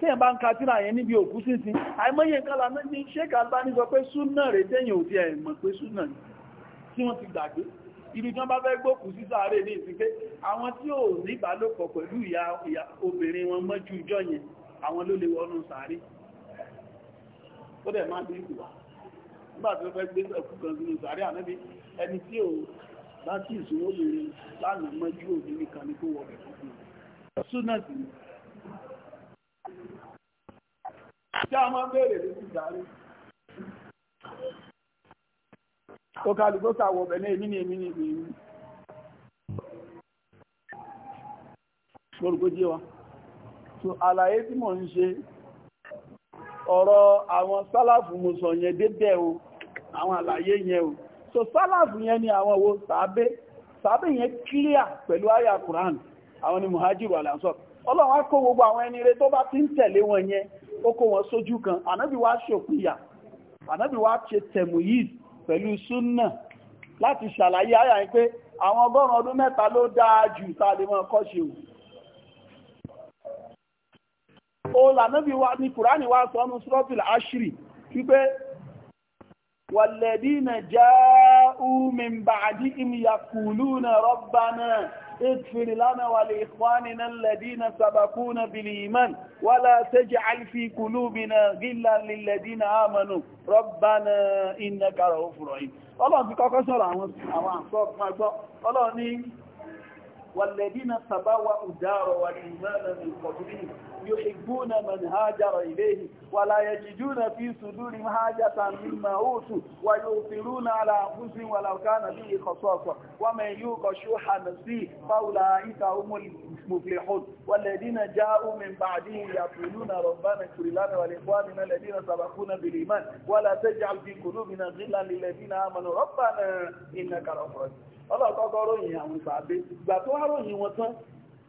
tí ẹ̀ bá ń ka tírà yẹn níbi òkú sínsìn àìmọ́yẹ kálà ní Sheikh Al-Albani sọ pé súnà rẹ̀ tẹ́yìn ò ti ẹ̀ mọ̀ pé súnà tí wọ́n ti gbàgbé ibi tí wọ́n bá fẹ́ gbókù sí sáré ní ìsinké àwọn tí ò ní ìbálòpọ̀ pẹ̀lú ìyá obìnrin wọn mọ́jú ìjọ yẹn àwọn ló lè wọnú sáré ó dẹ̀ má bí ìkùwà nígbà tí wọ́n fẹ́ gbé ẹ̀kú kan sínú sáré ànábi ẹni tí ò láti ìṣòro obìnrin lánàá mọ́jú òní nìkan ní kó wọ rẹ̀ fún un. súnà sí ni. tí a máa ń béèrè ló ti darí. ó kálù tó sàwọ̀ ọ̀bẹ̀ náà èmi ni èmi ni èmi ni. lórúkọ jẹ́ wa. àlàyé tí mò ń ṣe ọ̀rọ̀ àwọn sálàfù mo yẹn débẹ̀ o àwọn àlàyé yẹn o. so sálàfù yẹn ni àwọn wo sàábé sàábé yẹn clear pẹ̀lú àyà Quran àwọn ni muhajiru alansọ ọlọ́run á gbogbo àwọn ẹni rẹ bá ti ń tẹ̀lé wọn yẹn ó kó wọn sójú kan ànábì wá ṣòpìyà ànábì wá ṣe tẹ̀mù yìí pẹ̀lú súnà láti ṣàlàyé àyà yìí pé àwọn ọgọ́rùn ọdún mẹ́ta ló dáa jù tá a lè mọ ọkọ́ o ó wa ní kùránì wá sọ والذين جاءوا من بعدهم يقولون ربنا اغفر لنا الَّذِينَ سَبَقُونَا بِالْإِيمَانِ وَلَا تَجْعَلْ فِي قُلُوبِنَا قلوبنا غلا آمَنُوا رَبَّنَا إِنَّكَ إنك رؤوف رحيم الله في كوكسر àwọn àwọn àṣọ́ ọ̀pọ̀ ọlọ́ni والذين تبوأوا الدار والإيمان من قبلهم يحبون من هاجر إليه ولا يجدون في صدورهم حاجة مما أوتوا ويؤثرون على أنفسهم ولو كان به خصاصة ومن يوق شوح نفسه فأولئك هم المفلحون والذين جاءوا من بعدهم يقولون ربنا اغفر لنا ولإخواننا الذين سبقونا بالإيمان ولا تجعل في قلوبنا غلا للذين آمنوا ربنا إنك رب رحيم ọlọ́kọ́kọ́ ròyìn àwọn ìpàdé ìgbà tó wá ròyìn wọn tán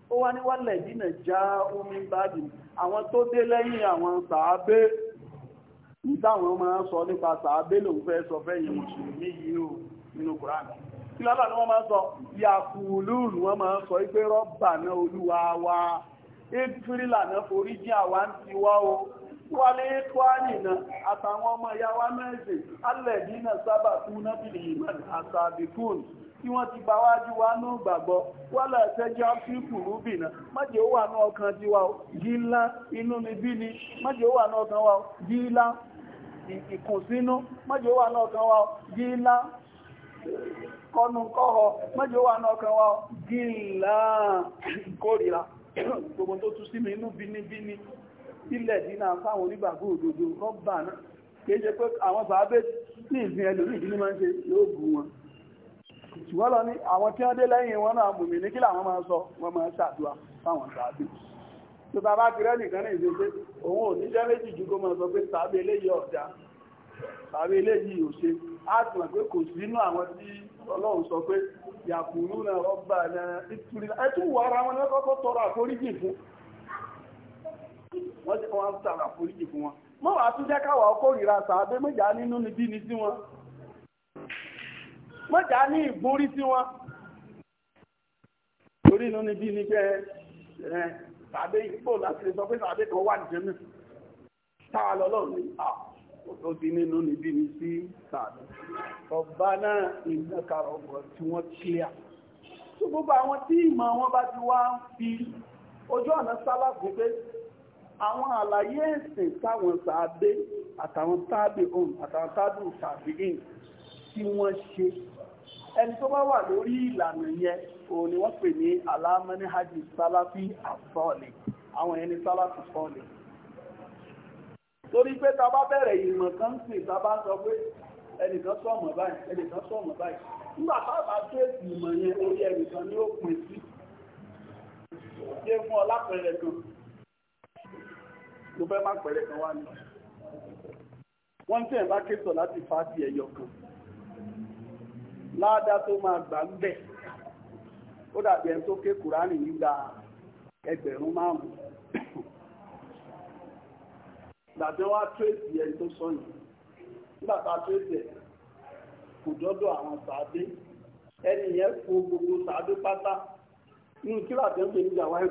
ó wá níwálẹ̀ dínà já omi báàdì àwọn tó dé lẹ́yìn àwọn sàábé ìtàwọn máa sọ nípa sàábé lòun fẹ́ sọ fẹ́yìn mùsùlùmí yìí o nínú kùránì kí lọ́lá ni wọ́n máa sọ yàkùlùlù wọ́n máa sọ ipé rọ́bà náà olúwa wa éfìrìlà náà àwa ń tiwá o wálé tuwani na àtàwọn ọmọ ìyá wa mẹ́sìn alẹ́bí náà sábà fún nábìlì ìmọ̀n tí wọ́n ti bá wájú wá ní gbàgbọ́ wálé rúbì náà wà tiwa gílá inú ni bí ni wà ní wa gílá ìkùnsínú wà ní ọkàn wa gílá wà wá kórìíra [COUGHS] gbogbo tó sí mi inú ilẹ̀ dínà fáwọn onígbàgbọ́ òdodo rọ́bà náà kìí ṣe pé àwọn bàbá ní ìsìn ẹlòmí ìdílé máa ń ṣe yóò bù wọn ṣùgbọ́n lọ ní àwọn tí wọ́n dé lẹ́yìn wọn náà mùmí ní kí làwọn máa sọ wọ́n máa ṣàdúrà fáwọn sàábì tó bàbá kìrẹ́ nìkan ní ìṣe pé òun ò níṣẹ́ méjì ju kó máa sọ pé sàábì eléyìí ọ̀dà sàábì eléyìí ò ṣe á sì mọ̀ pé kò sínú àwọn tí ọlọ́run sọ pé yàkùnrú náà ọgbà náà ìtúrí wọ́n ti wọ́n ń sàrà foríjì fún wọn mọ́ wàá tún jẹ́ káwà ọkọ̀ ìrà sàábé mọ́jà nínú ni bí ni sí wọn mọ́jà ní ìgbórí sí wọn torí inú ni bí ni pé ẹ sàábé ìgbò láti lè sọ pé sàábé kan wà nìjẹ́ mi táwa lọ́lọ́run ní à ó ti nínú ni bí ni sí sàábé ọba náà ìnáka ọgbọ̀n tí wọ́n kílíà tó gbogbo àwọn tí ìmọ̀ wọn bá ti wá fi ojú ọ̀nà sálà gbogbo àwọn àlàyé ẹ̀sìn táwọn sàábé àtàwọn tábì ohun àtàwọn tábì sàábì in tí wọ́n ṣe ẹni tó bá wà lórí ìlànà yẹn òun ni wọ́n pè ní alámẹ́ni hajji sálàfí àsọ́ọ̀lẹ̀ àwọn ẹni sálàfí sọ́ọ̀lẹ̀ torí pé ta bá bẹ̀rẹ̀ ìmọ̀ kan sì ta bá sọ pé ẹnìkan sọ̀mọ̀ báyìí ẹnìkan sọ̀mọ̀ báyìí nígbà tá a bá tó èsì ìmọ̀ yẹn orí ẹnìkan ni ó pin sí ṣé fún ọ kan mo fẹ́ má pẹ̀rẹ̀ kan wá ní. wọ́n tẹ̀ bá láti fàájì ẹ̀yọ kan láàdá tó máa gbà ń bẹ̀ ó dàbí ẹni tó ké kùránì nígbà ẹgbẹ̀rún márùn-ún gbàdé wá tírèsì ẹni tó sọ yìí nígbà tá a tírèsì ẹ̀ gbogbo sàádé pátá nínú kíláàsì ẹ̀ ń pè ní ìjà wáyé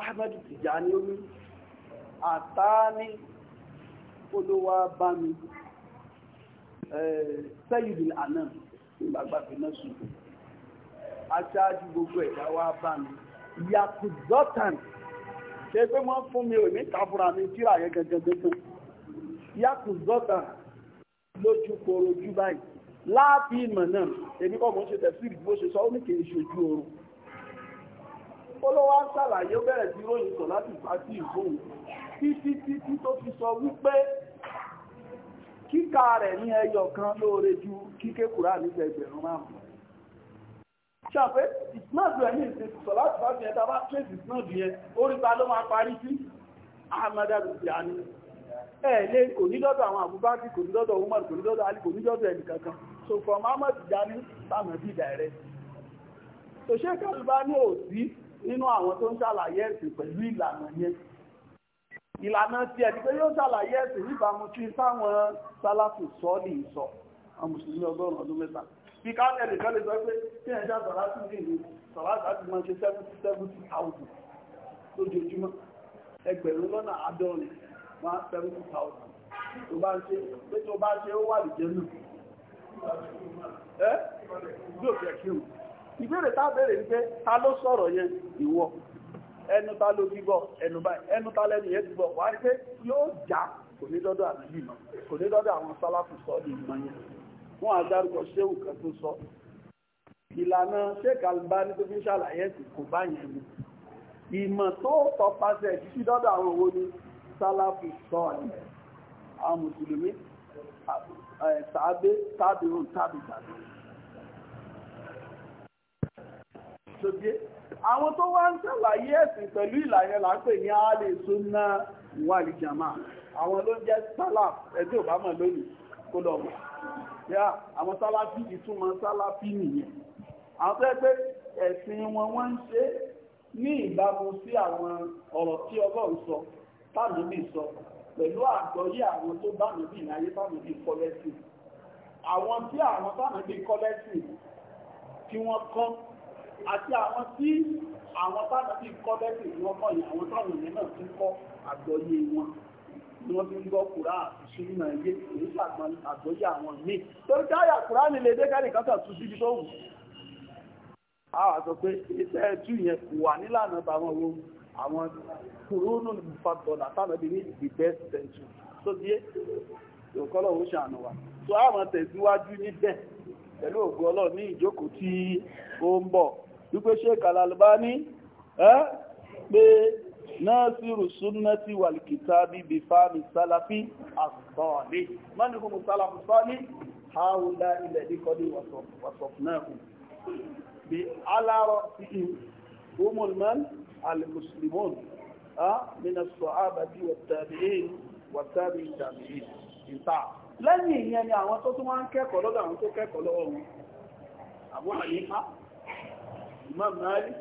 Ahmed Tijani omi àtàní olówó bámi sẹ́yìdì àná ìgbàgbàgbé náà ṣùgbọ́n aṣáájú gbogbo ẹ̀dá wá bámi yakuzọ́tàn ṣe pé wọ́n fún mi ò ní tàbùrà mi tíra yẹn gẹ́gẹ́gẹ́gẹ́ yakuzọ́tàn lójú kòrò jù báyìí láàbí ìmọ̀ náà èmi kọ́ mọ̀ ń ṣe tẹ̀síìrì bó ṣe sọ ó olówó á sàlàyé ó bẹ̀rẹ̀ sí ròyìn sọ láti ìfà sí ìfòhùn títí títí tó fi sọ wípé kíkà rẹ̀ ní ẹyọ kan lóore ju kíké kùrá nígbà ẹgbẹ̀rún márùn-ún ṣàpé ìsìnàdù ẹ̀mí ìsìnkú sọ láti bá fi ẹta bá tẹ́sì ìsìnàdù yẹn oríta ló máa parí sí Ahmad al-Tijani ẹ̀ẹ́lé kò ní dọ́dọ̀ àwọn Abubakar nínú àwọn tó ń ṣàlàyé ẹ̀sìn pẹ̀lú ìlànà yẹn ìlànà tí ẹni pé yóò ṣàlàyé ẹ̀sìn níbàámu tí sáwọn sálàfù sọ́ọ̀lì sọ àwọn mùsùlùmí ọgọ́rùn-ún ọdún mẹ́ta bí káàkiri kan lè sọ pé kí ẹ̀ṣà sọ̀rọ̀ sí ìlú sọ̀rọ̀ àti máa ṣe seventy seventy thousand lójoojúmọ́ ẹgbẹ̀rún lọ́nà àádọ́rin one seventy thousand tó bá ń ṣe pé tó bá ṣe ìbéèrè tá béèrè ní pé ta ló sọ̀rọ̀ yẹn ìwọ ẹnu ta ló ti gbọ́ ẹnu báyìí ẹnu ta lẹ́nu yẹn ti gbọ́ wà á rí pé yóò já kò ní dọ́dọ̀ àbíbí mọ́ kò ní dọ́dọ̀ àwọn sáláfù sọ ní ìmọ̀ yẹn wọ́n á dárúkọ ṣéwù kan tó sọ ìlànà sheik albani tó fi ń ṣàlàyé sí kò bá yẹn mu ìmọ̀ tó tọpasẹ̀ títí dọ́dọ̀ àwọn owó ní sáláfù sọ ní àwọn mùsùlùmí tàbí tàbí tàbí ṣojú àwọn tó wá ń ṣàlàyé ẹ̀sìn pẹ̀lú ìlànà là ń pè ní alẹ́ sunna wal jamaa àwọn ló ń jẹ́ salaf ẹ̀dẹ́ ò bá mọ̀ lónìí kó lọ mọ̀ yá àwọn salafi ìtumọ̀ salafi nìyẹn àwọn tó yẹ pé ẹ̀sìn wọn wọ́n ń ṣe ní ìbámu sí àwọn ọ̀rọ̀ tí ọlọ́run sọ tánàbí sọ pẹ̀lú àgbọ́yé àwọn tó bánàbí ìnáyé tánàbí kọ́lẹ́sìn àwọn tí àwọn tánàbí kọ́lẹ́sìn tí wọ́n kọ́ àti àwọn tí àwọn bàbá ti kọ́ bẹ́sì ní ọkọ̀ yìí àwọn táwọn èèyàn náà ti kọ́ àgbọ́yé wọn ni wọ́n ti ń gbọ́ kúrá ìṣúrí náà yé èyí ṣàgbọ́n àgbọ́yé àwọn míì torí káyà kúrá ni lè dé kẹ́nìkan kan tún síbi tó wù. a wà sọ pé iṣẹ́ ẹtú yẹn kò wà nílànà táwọn wo àwọn kúrónù fàtọ̀là táwọn ẹbí ní the best century tó dé ìkọlọ̀ ó ṣàánú wa tó àwọn tẹ̀síwájú níbẹ̀ pẹ̀lú ògùn ọlọ́ọ̀ ní ìjókòó tí ó ń bọ̀ wípé Sheikh Al-Albani pé nasiru sunnati wal kitabi bí fáàmì sálàfí àsọ̀ọ̀lẹ́ mọ́nìkùn sálàfí sọ́ọ̀lẹ́ haúlá ilẹ̀ díkọ́lé wàsọ̀fúnnáàkù bí alárọ̀ sí umulman al-muslimun min as-sahabati wat-tabi'in wat-tabi'i tabi'in ìta lẹ́yìn ìyẹn ni àwọn tó tún Imam Malik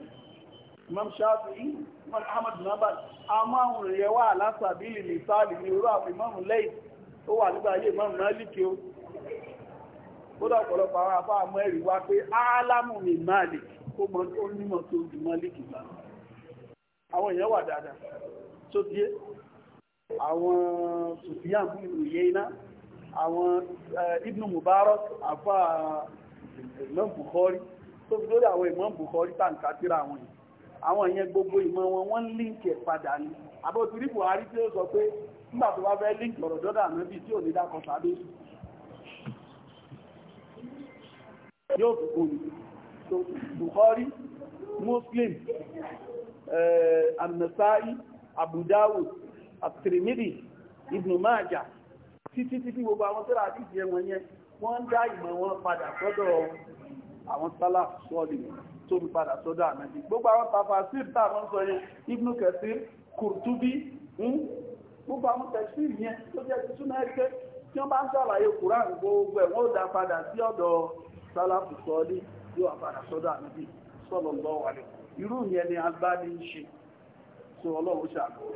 Imam Shafi'i Imam Ahmad nabal àmọ́ àwọn èèyàn wà lásàbílì ní sáàlì ní orú àwọn Imam lẹ́yìn tó wà nígbà ayé Imam Malik kí o kódà ọ̀pọ̀lọpọ̀ àwọn afá àmọ́ ẹ̀rí wá pé áálámù ní Malik kó mọ tó nímọ̀ tó ju Malik gbà àwọn èèyàn wà dáadáa tó díẹ̀ àwọn Sufyan fún ìròyìn iná àwọn eh, Ibn Mubarak àfà Imam Bukhari tó fi lórí àwọn ìmọ̀ Bukhari tàǹkà síra àwọn yìí àwọn ìyẹn gbogbo ìmọ̀ wọn wọ́n líǹkì ẹ̀ padà ní àbótúrí Buhari tí ó sọ pé nígbà tó bá fẹ́ líǹkì ọ̀rọ̀ dọ́dà ànábì tí ò ní dákọ̀ sábẹ́ yóò fi kò ní Bukhari Muslim eh, An-Nasa'i Abu Dawud at Ibn Majah títí títí gbogbo àwọn tó rà àdìsí ẹ̀wọ̀n yẹn wọ́n ń dá ìmọ̀ wọn padà sọ́dọ̀ àwọn sálà sọ́ọ̀lì tó fi padà sọ́dọ̀ ànábì gbogbo àwọn tafasir táwọn sọ yẹn ibnu kẹsir kùrtúbí hmm? gbogbo àwọn tafsir yẹn tó jẹ́ tuntun náà pé tí wọ́n bá ń ṣàlàyé kùránì gbogbo ẹ̀ wọ́n ó dá padà sí ọ̀dọ̀ sálà sọ́ọ̀lì yóò padà sọ́dọ̀ ànábì sọ́lọ̀ lọ́wọ́ irú yẹn ni agbá ní í ṣe so ọlọ́run ṣàlùwọ̀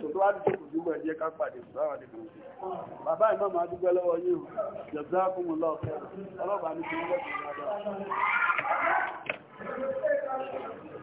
tòtò wá dùn kù jùmọ̀ ẹ̀jẹ̀ ká pàdé báwọn àdìgbò sí bàbá ìmọ̀ máa dúpẹ́ lọ́wọ́ yìí o yọ̀bùdá fún mi lọ́ọ̀kẹ́ ọlọ́pàá ní kí n lọ́ọ̀kẹ́